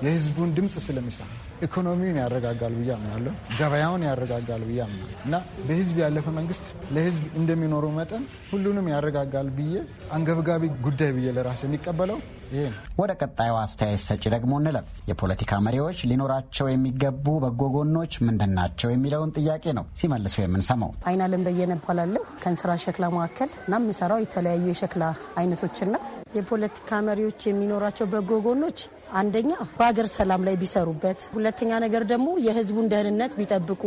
የህዝቡን ድምፅ ስለሚሰማ ኢኮኖሚውን ያረጋጋል ብዬ አምናለሁ። ገበያውን ያረጋጋል ብዬ አምናለሁ እና በህዝብ ያለፈ መንግስት ለህዝብ እንደሚኖረው መጠን ሁሉንም ያረጋጋል ብዬ አንገብጋቢ ጉዳይ ብዬ ለራስ የሚቀበለው ይሄ ነው። ወደ ቀጣዩ አስተያየት ሰጪ ደግሞ እንለፍ። የፖለቲካ መሪዎች ሊኖራቸው የሚገቡ በጎ ጎኖች ምንድን ናቸው የሚለውን ጥያቄ ነው ሲመልሱ የምንሰማው። አይናለም በየነ እባላለሁ ከእንስራ ሸክላ መካከል እና የምሰራው የተለያዩ የሸክላ አይነቶችን ነው የፖለቲካ መሪዎች የሚኖራቸው በጎ ጎኖች አንደኛ በሀገር ሰላም ላይ ቢሰሩበት፣ ሁለተኛ ነገር ደግሞ የህዝቡን ደህንነት ቢጠብቁ።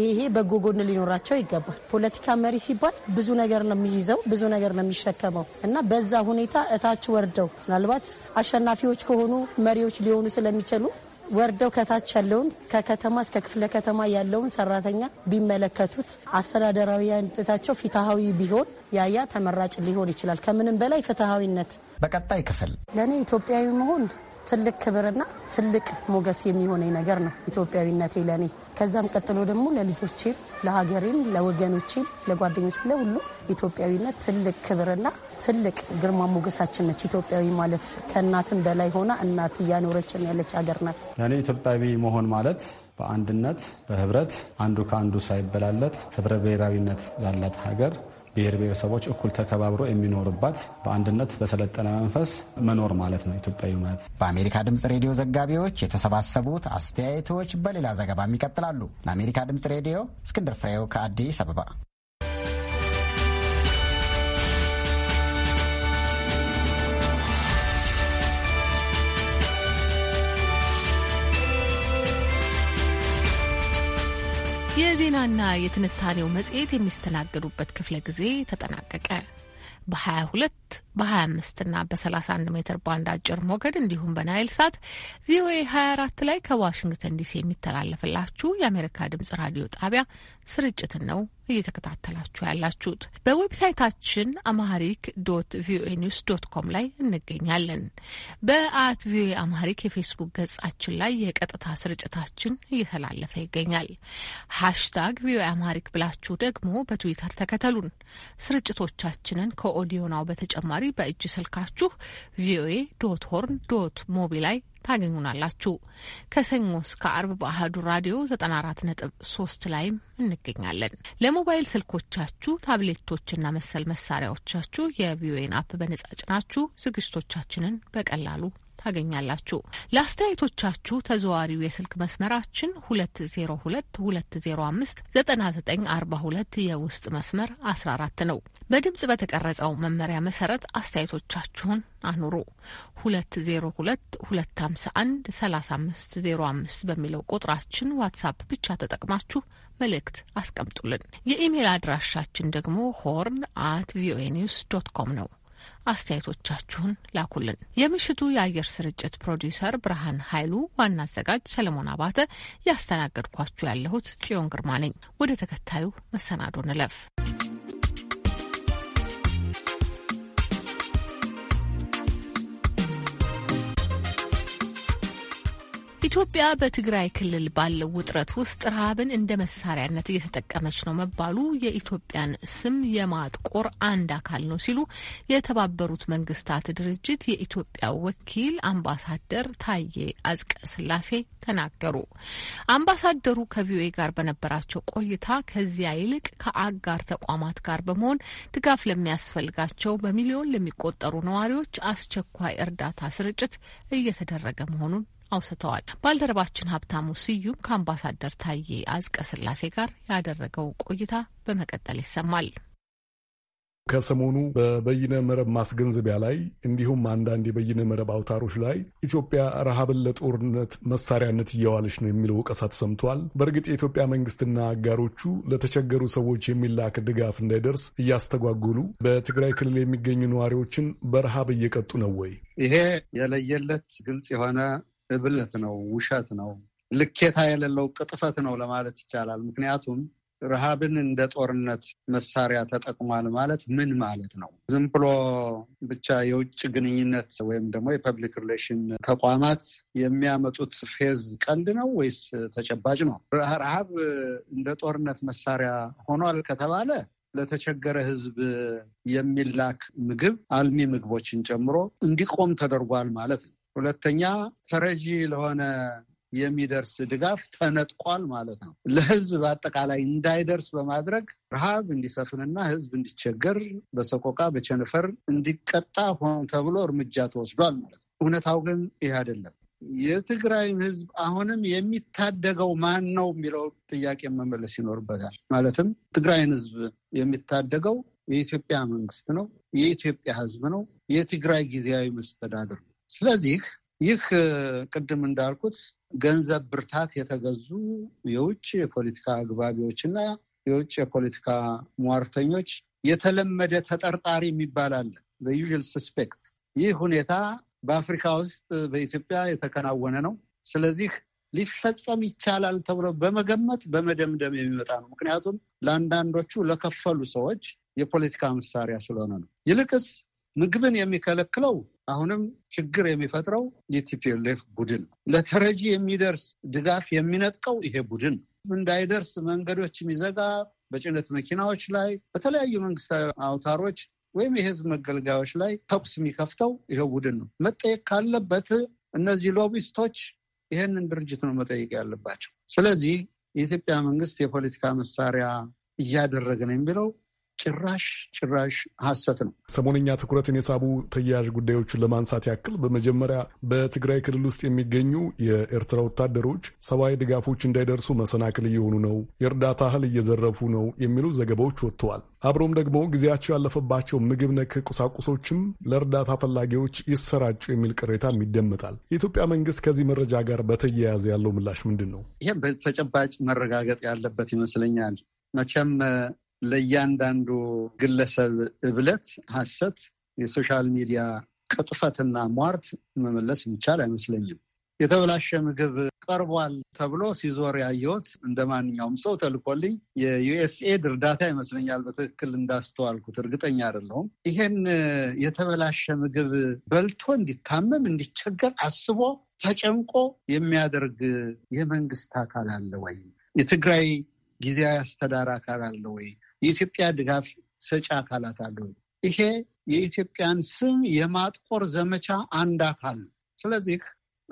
ይሄ በጎ ጎን ሊኖራቸው ይገባል። ፖለቲካ መሪ ሲባል ብዙ ነገር ነው የሚይዘው፣ ብዙ ነገር ነው የሚሸከመው እና በዛ ሁኔታ እታች ወርደው ምናልባት አሸናፊዎች ከሆኑ መሪዎች ሊሆኑ ስለሚችሉ ወርደው ከታች ያለውን ከከተማ እስከ ክፍለ ከተማ ያለውን ሰራተኛ ቢመለከቱት አስተዳደራዊ ያነታቸው ፍትሃዊ ቢሆን ያያ ተመራጭ ሊሆን ይችላል። ከምንም በላይ ፍትሐዊነት። በቀጣይ ክፍል ለእኔ ኢትዮጵያዊ መሆን ትልቅ ክብርና ትልቅ ሞገስ የሚሆነኝ ነገር ነው ኢትዮጵያዊነቴ ለእኔ። ከዛም ቀጥሎ ደግሞ ለልጆቼም፣ ለሀገሬም፣ ለወገኖቼም፣ ለጓደኞች፣ ለሁሉ ኢትዮጵያዊነት ትልቅ ክብርና ትልቅ ግርማ ሞገሳችን ነች። ኢትዮጵያዊ ማለት ከእናትም በላይ ሆና እናት እያኖረችን ያለች ሀገር ናት። ለእኔ ኢትዮጵያዊ መሆን ማለት በአንድነት በህብረት አንዱ ከአንዱ ሳይበላለት ህብረ ብሔራዊነት ያላት ሀገር ብሔር ብሔረሰቦች እኩል ተከባብሮ የሚኖርባት በአንድነት በሰለጠነ መንፈስ መኖር ማለት ነው ኢትዮጵያዊ ማለት። በአሜሪካ ድምፅ ሬዲዮ ዘጋቢዎች የተሰባሰቡት አስተያየቶች በሌላ ዘገባም ይቀጥላሉ። ለአሜሪካ ድምፅ ሬዲዮ እስክንድር ፍሬው ከአዲስ አበባ የሙያና የትንታኔው መጽሔት የሚስተናገዱበት ክፍለ ጊዜ ተጠናቀቀ። በ22 በ25 እና በ31 ሜትር ባንድ አጭር ሞገድ እንዲሁም በናይል ሳት ቪኦኤ 24 ላይ ከዋሽንግተን ዲሲ የሚተላለፍላችሁ የአሜሪካ ድምጽ ራዲዮ ጣቢያ ስርጭትን ነው እየተከታተላችሁ ያላችሁት። በዌብሳይታችን አማሪክ ዶት ቪኦኤ ኒውስ ዶት ኮም ላይ እንገኛለን። በአት ቪኦኤ አማሪክ የፌስቡክ ገጻችን ላይ የቀጥታ ስርጭታችን እየተላለፈ ይገኛል። ሃሽታግ ቪኦኤ አማሪክ ብላችሁ ደግሞ በትዊተር ተከተሉን። ስርጭቶቻችንን ከኦዲዮናው በተጨማሪ በእጅ ስልካችሁ ቪኦኤ ዶት ሆርን ዶት ሞቢ ላይ ታገኙናላችሁ። ከሰኞ እስከ አርብ በአህዱ ራዲዮ 94.3 ላይም እንገኛለን። ለሞባይል ስልኮቻችሁ ታብሌቶችና መሰል መሳሪያዎቻችሁ የቪኦኤን አፕ በነጻ ጭናችሁ ዝግጅቶቻችንን በቀላሉ ታገኛላችሁ። ለአስተያየቶቻችሁ ተዘዋሪው የስልክ መስመራችን 2022059942 የውስጥ መስመር 14 ነው። በድምጽ በተቀረጸው መመሪያ መሰረት አስተያየቶቻችሁን አኑሩ። 2022513505 በሚለው ቁጥራችን ዋትሳፕ ብቻ ተጠቅማችሁ መልእክት አስቀምጡልን። የኢሜል አድራሻችን ደግሞ ሆርን አት ቪኦኤ ኒውስ ዶት ኮም ነው። አስተያየቶቻችሁን ላኩልን። የምሽቱ የአየር ስርጭት ፕሮዲውሰር ብርሃን ኃይሉ፣ ዋና አዘጋጅ ሰለሞን አባተ፣ ያስተናገድኳችሁ ያለሁት ጽዮን ግርማ ነኝ። ወደ ተከታዩ መሰናዶ ንለፍ። ኢትዮጵያ በትግራይ ክልል ባለው ውጥረት ውስጥ ረሃብን እንደ መሳሪያነት እየተጠቀመች ነው መባሉ የኢትዮጵያን ስም የማጥቆር አንድ አካል ነው ሲሉ የተባበሩት መንግስታት ድርጅት የኢትዮጵያ ወኪል አምባሳደር ታዬ አጽቀ ስላሴ ተናገሩ። አምባሳደሩ ከቪኦኤ ጋር በነበራቸው ቆይታ ከዚያ ይልቅ ከአጋር ተቋማት ጋር በመሆን ድጋፍ ለሚያስፈልጋቸው በሚሊዮን ለሚቆጠሩ ነዋሪዎች አስቸኳይ እርዳታ ስርጭት እየተደረገ መሆኑን አውስተዋል። ባልደረባችን ሀብታሙ ስዩም ከአምባሳደር ታዬ አዝቀ ስላሴ ጋር ያደረገው ቆይታ በመቀጠል ይሰማል። ከሰሞኑ በበይነ መረብ ማስገንዘቢያ ላይ እንዲሁም አንዳንድ የበይነ መረብ አውታሮች ላይ ኢትዮጵያ ረሃብን ለጦርነት መሳሪያነት እየዋለች ነው የሚለው ወቀሳ ተሰምቷል። በእርግጥ የኢትዮጵያ መንግስትና አጋሮቹ ለተቸገሩ ሰዎች የሚላክ ድጋፍ እንዳይደርስ እያስተጓጉሉ በትግራይ ክልል የሚገኙ ነዋሪዎችን በረሃብ እየቀጡ ነው ወይ? ይሄ የለየለት ግልጽ የሆነ እብለት ነው፣ ውሸት ነው፣ ልኬታ የሌለው ቅጥፈት ነው ለማለት ይቻላል። ምክንያቱም ረሃብን እንደ ጦርነት መሳሪያ ተጠቅሟል ማለት ምን ማለት ነው? ዝም ብሎ ብቻ የውጭ ግንኙነት ወይም ደግሞ የፐብሊክ ሪሌሽን ተቋማት የሚያመጡት ፌዝ ቀንድ ነው ወይስ ተጨባጭ ነው? ረሃብ እንደ ጦርነት መሳሪያ ሆኗል ከተባለ ለተቸገረ ሕዝብ የሚላክ ምግብ አልሚ ምግቦችን ጨምሮ እንዲቆም ተደርጓል ማለት ነው። ሁለተኛ ተረጂ ለሆነ የሚደርስ ድጋፍ ተነጥቋል ማለት ነው። ለህዝብ በአጠቃላይ እንዳይደርስ በማድረግ ረሃብ እንዲሰፍንና ህዝብ እንዲቸገር በሰቆቃ በቸነፈር እንዲቀጣ ሆን ተብሎ እርምጃ ተወስዷል ማለት ነው። እውነታው ግን ይህ አይደለም። የትግራይን ህዝብ አሁንም የሚታደገው ማን ነው የሚለው ጥያቄ መመለስ ይኖርበታል። ማለትም ትግራይን ህዝብ የሚታደገው የኢትዮጵያ መንግስት ነው፣ የኢትዮጵያ ህዝብ ነው፣ የትግራይ ጊዜያዊ መስተዳድር ስለዚህ ይህ ቅድም እንዳልኩት ገንዘብ ብርታት የተገዙ የውጭ የፖለቲካ እና የውጭ የፖለቲካ ሟርተኞች የተለመደ ተጠርጣሪ የሚባል አለ፣ ዩዥል ስስፔክት። ይህ ሁኔታ በአፍሪካ ውስጥ በኢትዮጵያ የተከናወነ ነው። ስለዚህ ሊፈጸም ይቻላል ተብሎ በመገመት በመደምደም የሚመጣ ነው። ምክንያቱም ለአንዳንዶቹ ለከፈሉ ሰዎች የፖለቲካ መሳሪያ ስለሆነ ነው። ይልቅስ ምግብን የሚከለክለው አሁንም ችግር የሚፈጥረው የቲፒኤልኤፍ ቡድን ለተረጂ የሚደርስ ድጋፍ የሚነጥቀው ይሄ ቡድን እንዳይደርስ መንገዶች የሚዘጋ በጭነት መኪናዎች ላይ በተለያዩ መንግስታዊ አውታሮች ወይም የህዝብ መገልገያዎች ላይ ተኩስ የሚከፍተው ይሄው ቡድን ነው። መጠየቅ ካለበት እነዚህ ሎቢስቶች ይህንን ድርጅት ነው መጠየቅ ያለባቸው። ስለዚህ የኢትዮጵያ መንግስት የፖለቲካ መሳሪያ እያደረገ ነው የሚለው ጭራሽ ጭራሽ ሀሰት ነው። ሰሞነኛ ትኩረትን የሳቡ ተያያዥ ጉዳዮችን ለማንሳት ያክል በመጀመሪያ በትግራይ ክልል ውስጥ የሚገኙ የኤርትራ ወታደሮች ሰብአዊ ድጋፎች እንዳይደርሱ መሰናክል እየሆኑ ነው፣ የእርዳታ እህል እየዘረፉ ነው የሚሉ ዘገባዎች ወጥተዋል። አብሮም ደግሞ ጊዜያቸው ያለፈባቸው ምግብ ነክ ቁሳቁሶችም ለእርዳታ ፈላጊዎች ይሰራጩ የሚል ቅሬታም ይደመጣል። የኢትዮጵያ መንግስት ከዚህ መረጃ ጋር በተያያዘ ያለው ምላሽ ምንድን ነው? ይህ በተጨባጭ መረጋገጥ ያለበት ይመስለኛል። መቼም ለእያንዳንዱ ግለሰብ እብለት፣ ሐሰት፣ የሶሻል ሚዲያ ቅጥፈትና ሟርት መመለስ የሚቻል አይመስለኝም። የተበላሸ ምግብ ቀርቧል ተብሎ ሲዞር ያየሁት እንደ ማንኛውም ሰው ተልኮልኝ የዩኤስኤድ እርዳታ ይመስለኛል። በትክክል እንዳስተዋልኩት እርግጠኛ አይደለሁም። ይሄን የተበላሸ ምግብ በልቶ እንዲታመም እንዲቸገር አስቦ ተጨንቆ የሚያደርግ የመንግስት አካል አለ ወይ? የትግራይ ጊዜያዊ አስተዳደር አካል አለ ወይ? የኢትዮጵያ ድጋፍ ሰጪ አካላት አሉ። ይሄ የኢትዮጵያን ስም የማጥቆር ዘመቻ አንድ አካል ነው። ስለዚህ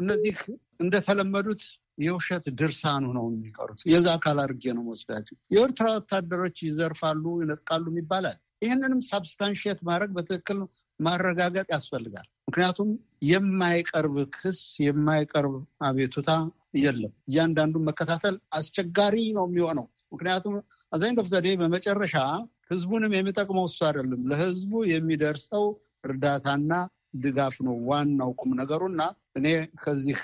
እነዚህ እንደተለመዱት የውሸት ድርሳኑ ነው የሚቀሩት። የዛ አካል አድርጌ ነው መወስዳቸው። የኤርትራ ወታደሮች ይዘርፋሉ፣ ይነጥቃሉ ይባላል። ይህንንም ሳብስታንሽት ማድረግ በትክክል ማረጋገጥ ያስፈልጋል። ምክንያቱም የማይቀርብ ክስ የማይቀርብ አቤቱታ የለም። እያንዳንዱን መከታተል አስቸጋሪ ነው የሚሆነው። ምክንያቱም አዛኝ ኦፍ ዘዴ በመጨረሻ ህዝቡንም የሚጠቅመው እሱ አይደለም፣ ለህዝቡ የሚደርሰው እርዳታና ድጋፍ ነው ዋናው ቁም ነገሩና እኔ ከዚህ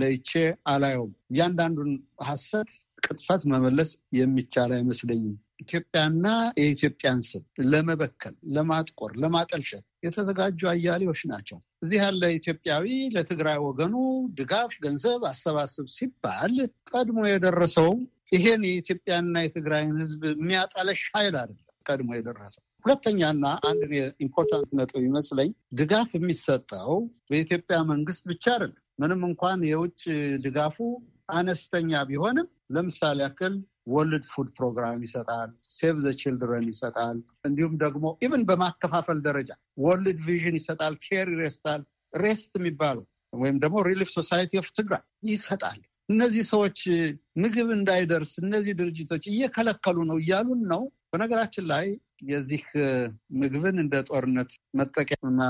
ለይቼ አላየውም። እያንዳንዱን ሀሰት ቅጥፈት መመለስ የሚቻል አይመስለኝም። ኢትዮጵያና የኢትዮጵያን ስም ለመበከል፣ ለማጥቆር፣ ለማጠልሸት የተዘጋጁ አያሌዎች ናቸው። እዚህ ያለ ኢትዮጵያዊ ለትግራይ ወገኑ ድጋፍ ገንዘብ አሰባስብ ሲባል ቀድሞ የደረሰው ይሄን የኢትዮጵያና የትግራይን ህዝብ የሚያጠለሽ ኃይል አይደለም ቀድሞ የደረሰው። ሁለተኛና አንድ ኢምፖርታንት ነጥብ ይመስለኝ ድጋፍ የሚሰጠው በኢትዮጵያ መንግስት ብቻ አይደለም። ምንም እንኳን የውጭ ድጋፉ አነስተኛ ቢሆንም ለምሳሌ ያክል ወርልድ ፉድ ፕሮግራም ይሰጣል፣ ሴቭ ዘ ችልድረን ይሰጣል። እንዲሁም ደግሞ ኢቨን በማከፋፈል ደረጃ ወርልድ ቪዥን ይሰጣል፣ ኬር ይረስታል ሬስት የሚባለው ወይም ደግሞ ሪሊፍ ሶሳይቲ ኦፍ ትግራይ ይሰጣል። እነዚህ ሰዎች ምግብ እንዳይደርስ እነዚህ ድርጅቶች እየከለከሉ ነው እያሉን ነው። በነገራችን ላይ የዚህ ምግብን እንደ ጦርነት መጠቀምና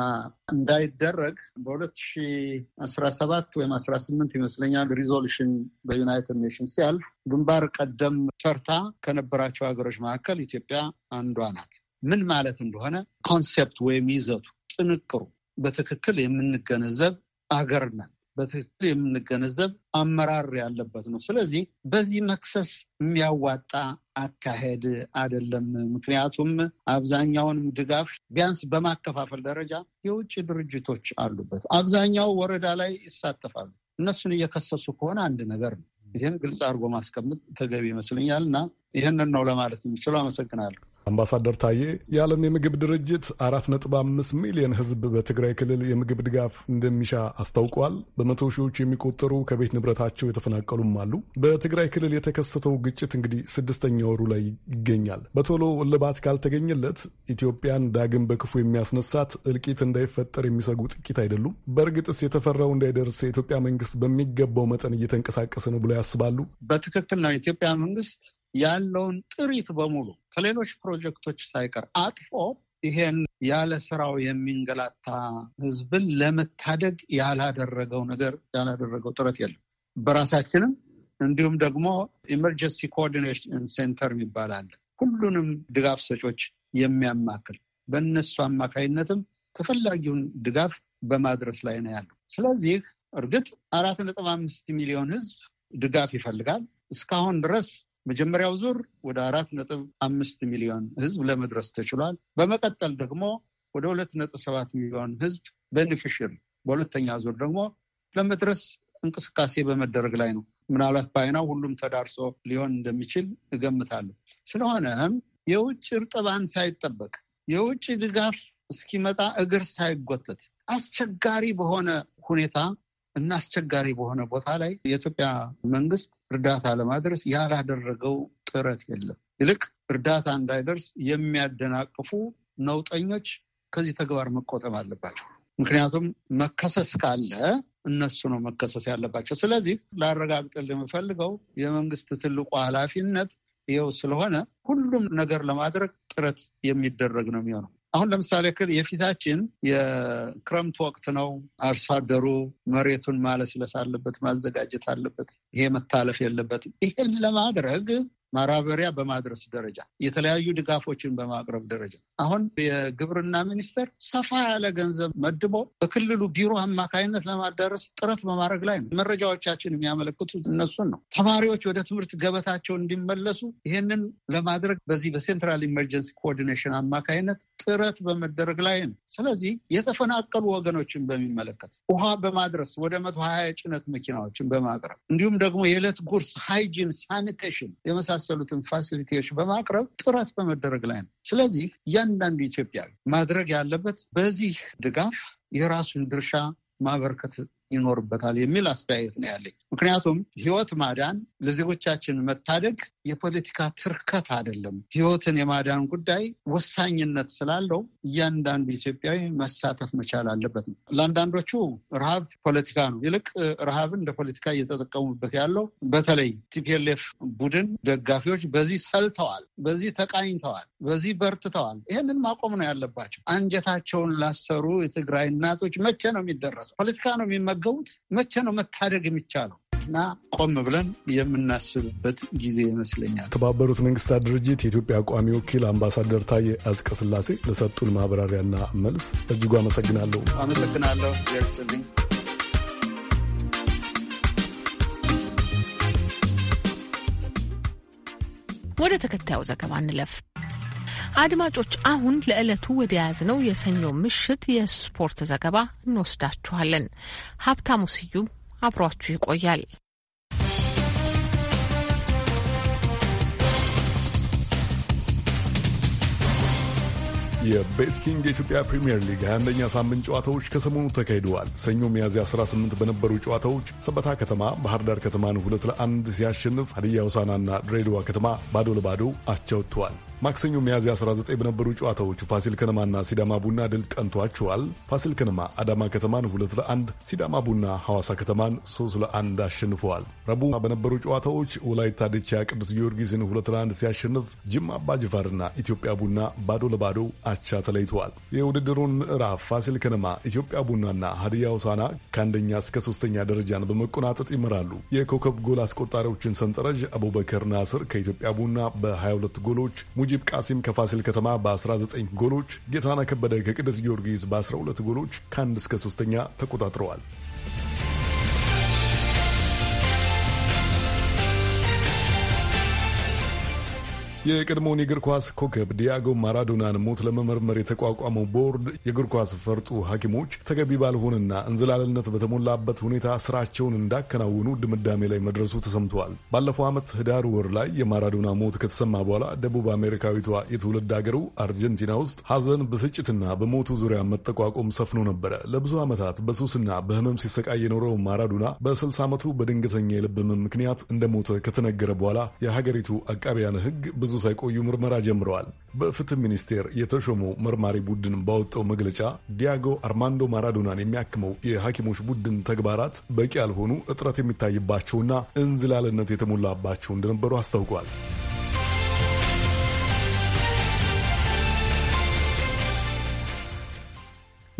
እንዳይደረግ በ2017 ወይም 18 ይመስለኛል ሪዞሉሽን በዩናይትድ ኔሽንስ ሲያልፍ ግንባር ቀደም ተርታ ከነበራቸው ሀገሮች መካከል ኢትዮጵያ አንዷ ናት። ምን ማለት እንደሆነ ኮንሴፕት ወይም ይዘቱ ጥንቅሩ በትክክል የምንገነዘብ አገር ነን። በትክክል የምንገነዘብ አመራር ያለበት ነው። ስለዚህ በዚህ መክሰስ የሚያዋጣ አካሄድ አይደለም። ምክንያቱም አብዛኛውንም ድጋፍ ቢያንስ በማከፋፈል ደረጃ የውጭ ድርጅቶች አሉበት። አብዛኛው ወረዳ ላይ ይሳተፋሉ። እነሱን እየከሰሱ ከሆነ አንድ ነገር ነው። ይህን ግልጽ አድርጎ ማስቀመጥ ተገቢ ይመስለኛል እና ይህንን ነው ለማለት የሚችለው። አመሰግናለሁ። አምባሳደር ታዬ የዓለም የምግብ ድርጅት 4.5 ሚሊዮን ሕዝብ በትግራይ ክልል የምግብ ድጋፍ እንደሚሻ አስታውቋል። በመቶ ሺዎች የሚቆጠሩ ከቤት ንብረታቸው የተፈናቀሉም አሉ። በትግራይ ክልል የተከሰተው ግጭት እንግዲህ ስድስተኛ ወሩ ላይ ይገኛል። በቶሎ እልባት ካልተገኘለት ኢትዮጵያን ዳግም በክፉ የሚያስነሳት እልቂት እንዳይፈጠር የሚሰጉ ጥቂት አይደሉም። በእርግጥስ የተፈራው እንዳይደርስ የኢትዮጵያ መንግስት በሚገባው መጠን እየተንቀሳቀሰ ነው ብለው ያስባሉ? በትክክል ነው። የኢትዮጵያ መንግስት ያለውን ጥሪት በሙሉ ከሌሎች ፕሮጀክቶች ሳይቀር አጥፎ ይሄን ያለ ስራው የሚንገላታ ህዝብን ለመታደግ ያላደረገው ነገር ያላደረገው ጥረት የለም። በራሳችንም እንዲሁም ደግሞ ኢመርጀንሲ ኮኦርዲኔሽን ሴንተር የሚባል አለ። ሁሉንም ድጋፍ ሰጮች የሚያማክል በእነሱ አማካይነትም ተፈላጊውን ድጋፍ በማድረስ ላይ ነው ያለው። ስለዚህ እርግጥ አራት ነጥብ አምስት ሚሊዮን ህዝብ ድጋፍ ይፈልጋል። እስካሁን ድረስ መጀመሪያው ዙር ወደ አራት ነጥብ አምስት ሚሊዮን ህዝብ ለመድረስ ተችሏል። በመቀጠል ደግሞ ወደ ሁለት ነጥብ ሰባት ሚሊዮን ህዝብ በንፍሽር በሁለተኛ ዙር ደግሞ ለመድረስ እንቅስቃሴ በመደረግ ላይ ነው። ምናልባት በአይናው ሁሉም ተዳርሶ ሊሆን እንደሚችል እገምታለሁ። ስለሆነም የውጭ እርጥባን ሳይጠበቅ የውጭ ድጋፍ እስኪመጣ እግር ሳይጎተት አስቸጋሪ በሆነ ሁኔታ እና አስቸጋሪ በሆነ ቦታ ላይ የኢትዮጵያ መንግስት እርዳታ ለማድረስ ያላደረገው ጥረት የለም። ይልቅ እርዳታ እንዳይደርስ የሚያደናቅፉ ነውጠኞች ከዚህ ተግባር መቆጠብ አለባቸው። ምክንያቱም መከሰስ ካለ እነሱ ነው መከሰስ ያለባቸው። ስለዚህ ላረጋግጥል የምፈልገው የመንግስት ትልቁ ኃላፊነት ይኸው ስለሆነ ሁሉም ነገር ለማድረግ ጥረት የሚደረግ ነው የሚሆነው። አሁን ለምሳሌ ክል የፊታችን የክረምት ወቅት ነው። አርሶ አደሩ መሬቱን ማለስለስ አለበት፣ ማዘጋጀት አለበት። ይሄ መታለፍ የለበትም። ይሄን ለማድረግ ማራበሪያ በማድረስ ደረጃ የተለያዩ ድጋፎችን በማቅረብ ደረጃ አሁን የግብርና ሚኒስቴር ሰፋ ያለ ገንዘብ መድቦ በክልሉ ቢሮ አማካኝነት ለማዳረስ ጥረት በማድረግ ላይ ነው። መረጃዎቻችን የሚያመለክቱት እነሱን ነው። ተማሪዎች ወደ ትምህርት ገበታቸው እንዲመለሱ ይህንን ለማድረግ በዚህ በሴንትራል ኢመርጀንሲ ኮኦርዲኔሽን አማካኝነት ጥረት በመደረግ ላይ ነው። ስለዚህ የተፈናቀሉ ወገኖችን በሚመለከት ውሃ በማድረስ ወደ መቶ ሀያ የጭነት መኪናዎችን በማቅረብ እንዲሁም ደግሞ የዕለት ጉርስ፣ ሃይጂን፣ ሳኒቴሽን የመሳሰሉትን ፋሲሊቲዎች በማቅረብ ጥረት በመደረግ ላይ ነው። ስለዚህ እያንዳንዱ ኢትዮጵያዊ ማድረግ ያለበት በዚህ ድጋፍ የራሱን ድርሻ ማበርከት ይኖርበታል የሚል አስተያየት ነው ያለኝ። ምክንያቱም ህይወት ማዳን ለዜጎቻችን መታደግ የፖለቲካ ትርከት አይደለም። ህይወትን የማዳን ጉዳይ ወሳኝነት ስላለው እያንዳንዱ ኢትዮጵያዊ መሳተፍ መቻል አለበት ነው። ለአንዳንዶቹ ረሃብ ፖለቲካ ነው። ይልቅ ረሃብን እንደ ፖለቲካ እየተጠቀሙበት ያለው በተለይ ቲፒኤልኤፍ ቡድን ደጋፊዎች በዚህ ሰልተዋል፣ በዚህ ተቃኝተዋል፣ በዚህ በርትተዋል። ይህንን ማቆም ነው ያለባቸው። አንጀታቸውን ላሰሩ የትግራይ እናቶች መቼ ነው የሚደረሰው? ፖለቲካ ነው የሚመ ያደረገውት መቼ ነው መታደግ የሚቻለው? እና ቆም ብለን የምናስብበት ጊዜ ይመስለኛል። የተባበሩት መንግስታት ድርጅት የኢትዮጵያ ቋሚ ወኪል አምባሳደር ታዬ አስቀስላሴ ለሰጡን ማብራሪያና መልስ እጅጉ አመሰግናለሁ። አመሰግናለሁ ስልኝ ወደ ተከታዩ ዘገባ እንለፍ። አድማጮች፣ አሁን ለዕለቱ ወደ ያዝነው የሰኞ ምሽት የስፖርት ዘገባ እንወስዳችኋለን። ሀብታሙ ስዩም አብሯችሁ ይቆያል። የቤት ኪንግ የኢትዮጵያ ፕሪምየር ሊግ 21ኛ ሳምንት ጨዋታዎች ከሰሞኑ ተካሂደዋል። ሰኞ ሚያዝያ 18 በነበሩ ጨዋታዎች ሰበታ ከተማ ባህር ዳር ከተማን ሁለት ለአንድ ሲያሸንፍ ሀዲያ ሁሳናና ድሬድዋ ከተማ ባዶ ለባዶ አቻውተዋል። ማክሰኞ ሚያዝያ 19 በነበሩ ጨዋታዎች ፋሲል ከነማና ሲዳማ ቡና ድል ቀንቷቸዋል። ፋሲል ከነማ አዳማ ከተማን 2 ለ1፣ ሲዳማ ቡና ሐዋሳ ከተማን 3 ለ1 አሸንፈዋል። ረቡዕ በነበሩ ጨዋታዎች ወላይታ ድቻ ቅዱስ ጊዮርጊስን 2 ለ1 ሲያሸንፍ፣ ጅማ አባጅፋርና ኢትዮጵያ ቡና ባዶ ለባዶ አቻ ተለይተዋል። የውድድሩን ምዕራፍ ፋሲል ከነማ፣ ኢትዮጵያ ቡናና ሀዲያ ሆሳዕና ከአንደኛ እስከ ሶስተኛ ደረጃን በመቆናጠጥ ይመራሉ። የኮከብ ጎል አስቆጣሪዎችን ሰንጠረዥ አቡበከር ናስር ከኢትዮጵያ ቡና በ22 ጎሎች ሙጂብ ቃሲም ከፋሲል ከተማ በ19 ጎሎች፣ ጌታና ከበደ ከቅዱስ ጊዮርጊስ በ12 ጎሎች ከአንድ እስከ ሶስተኛ ተቆጣጥረዋል። የቀድሞውን የእግር ኳስ ኮከብ ዲያጎ ማራዶናን ሞት ለመመርመር የተቋቋመው ቦርድ የእግር ኳስ ፈርጡ ሐኪሞች ተገቢ ባልሆነና እንዝላልነት በተሞላበት ሁኔታ ስራቸውን እንዳከናውኑ ድምዳሜ ላይ መድረሱ ተሰምተዋል። ባለፈው ዓመት ህዳር ወር ላይ የማራዶና ሞት ከተሰማ በኋላ ደቡብ አሜሪካዊቷ የትውልድ አገሩ አርጀንቲና ውስጥ ሐዘን፣ ብስጭትና በሞቱ ዙሪያ መጠቋቆም ሰፍኖ ነበረ። ለብዙ ዓመታት በሱስና በህመም ሲሰቃይ የኖረው ማራዶና በ60 ዓመቱ በድንገተኛ የልብ ህመም ምክንያት እንደሞተ ከተነገረ በኋላ የሀገሪቱ አቃቢያን ህግ ብዙ ሳይቆዩ ምርመራ ጀምረዋል። በፍትህ ሚኒስቴር የተሾመው መርማሪ ቡድን ባወጣው መግለጫ ዲያጎ አርማንዶ ማራዶናን የሚያክመው የሐኪሞች ቡድን ተግባራት በቂ ያልሆኑ፣ እጥረት የሚታይባቸውና እንዝላልነት የተሞላባቸው እንደነበሩ አስታውቋል።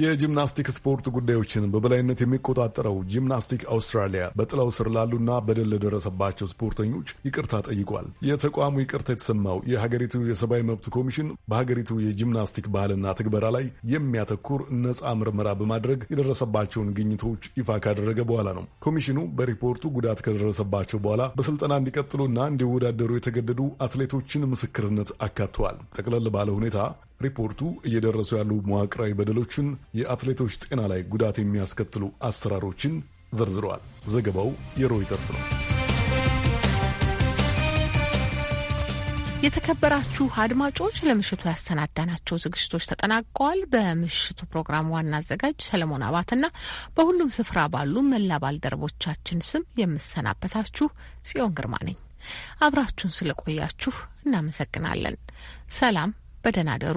የጂምናስቲክ ስፖርት ጉዳዮችን በበላይነት የሚቆጣጠረው ጂምናስቲክ አውስትራሊያ በጥላው ስር ላሉና በደል ለደረሰባቸው ስፖርተኞች ይቅርታ ጠይቋል። የተቋሙ ይቅርታ የተሰማው የሀገሪቱ የሰብአዊ መብት ኮሚሽን በሀገሪቱ የጂምናስቲክ ባህልና ትግበራ ላይ የሚያተኩር ነፃ ምርመራ በማድረግ የደረሰባቸውን ግኝቶች ይፋ ካደረገ በኋላ ነው። ኮሚሽኑ በሪፖርቱ ጉዳት ከደረሰባቸው በኋላ በስልጠና እንዲቀጥሉና እንዲወዳደሩ የተገደዱ አትሌቶችን ምስክርነት አካተዋል። ጠቅለል ባለ ሁኔታ ሪፖርቱ እየደረሱ ያሉ መዋቅራዊ በደሎችን፣ የአትሌቶች ጤና ላይ ጉዳት የሚያስከትሉ አሰራሮችን ዘርዝረዋል። ዘገባው የሮይተርስ ነው። የተከበራችሁ አድማጮች ለምሽቱ ያሰናዳናቸው ዝግጅቶች ተጠናቀዋል። በምሽቱ ፕሮግራም ዋና አዘጋጅ ሰለሞን አባትና በሁሉም ስፍራ ባሉ መላ ባልደረቦቻችን ስም የምሰናበታችሁ ጽዮን ግርማ ነኝ። አብራችሁን ስለቆያችሁ እናመሰግናለን። ሰላም፣ በደህና ደሩ።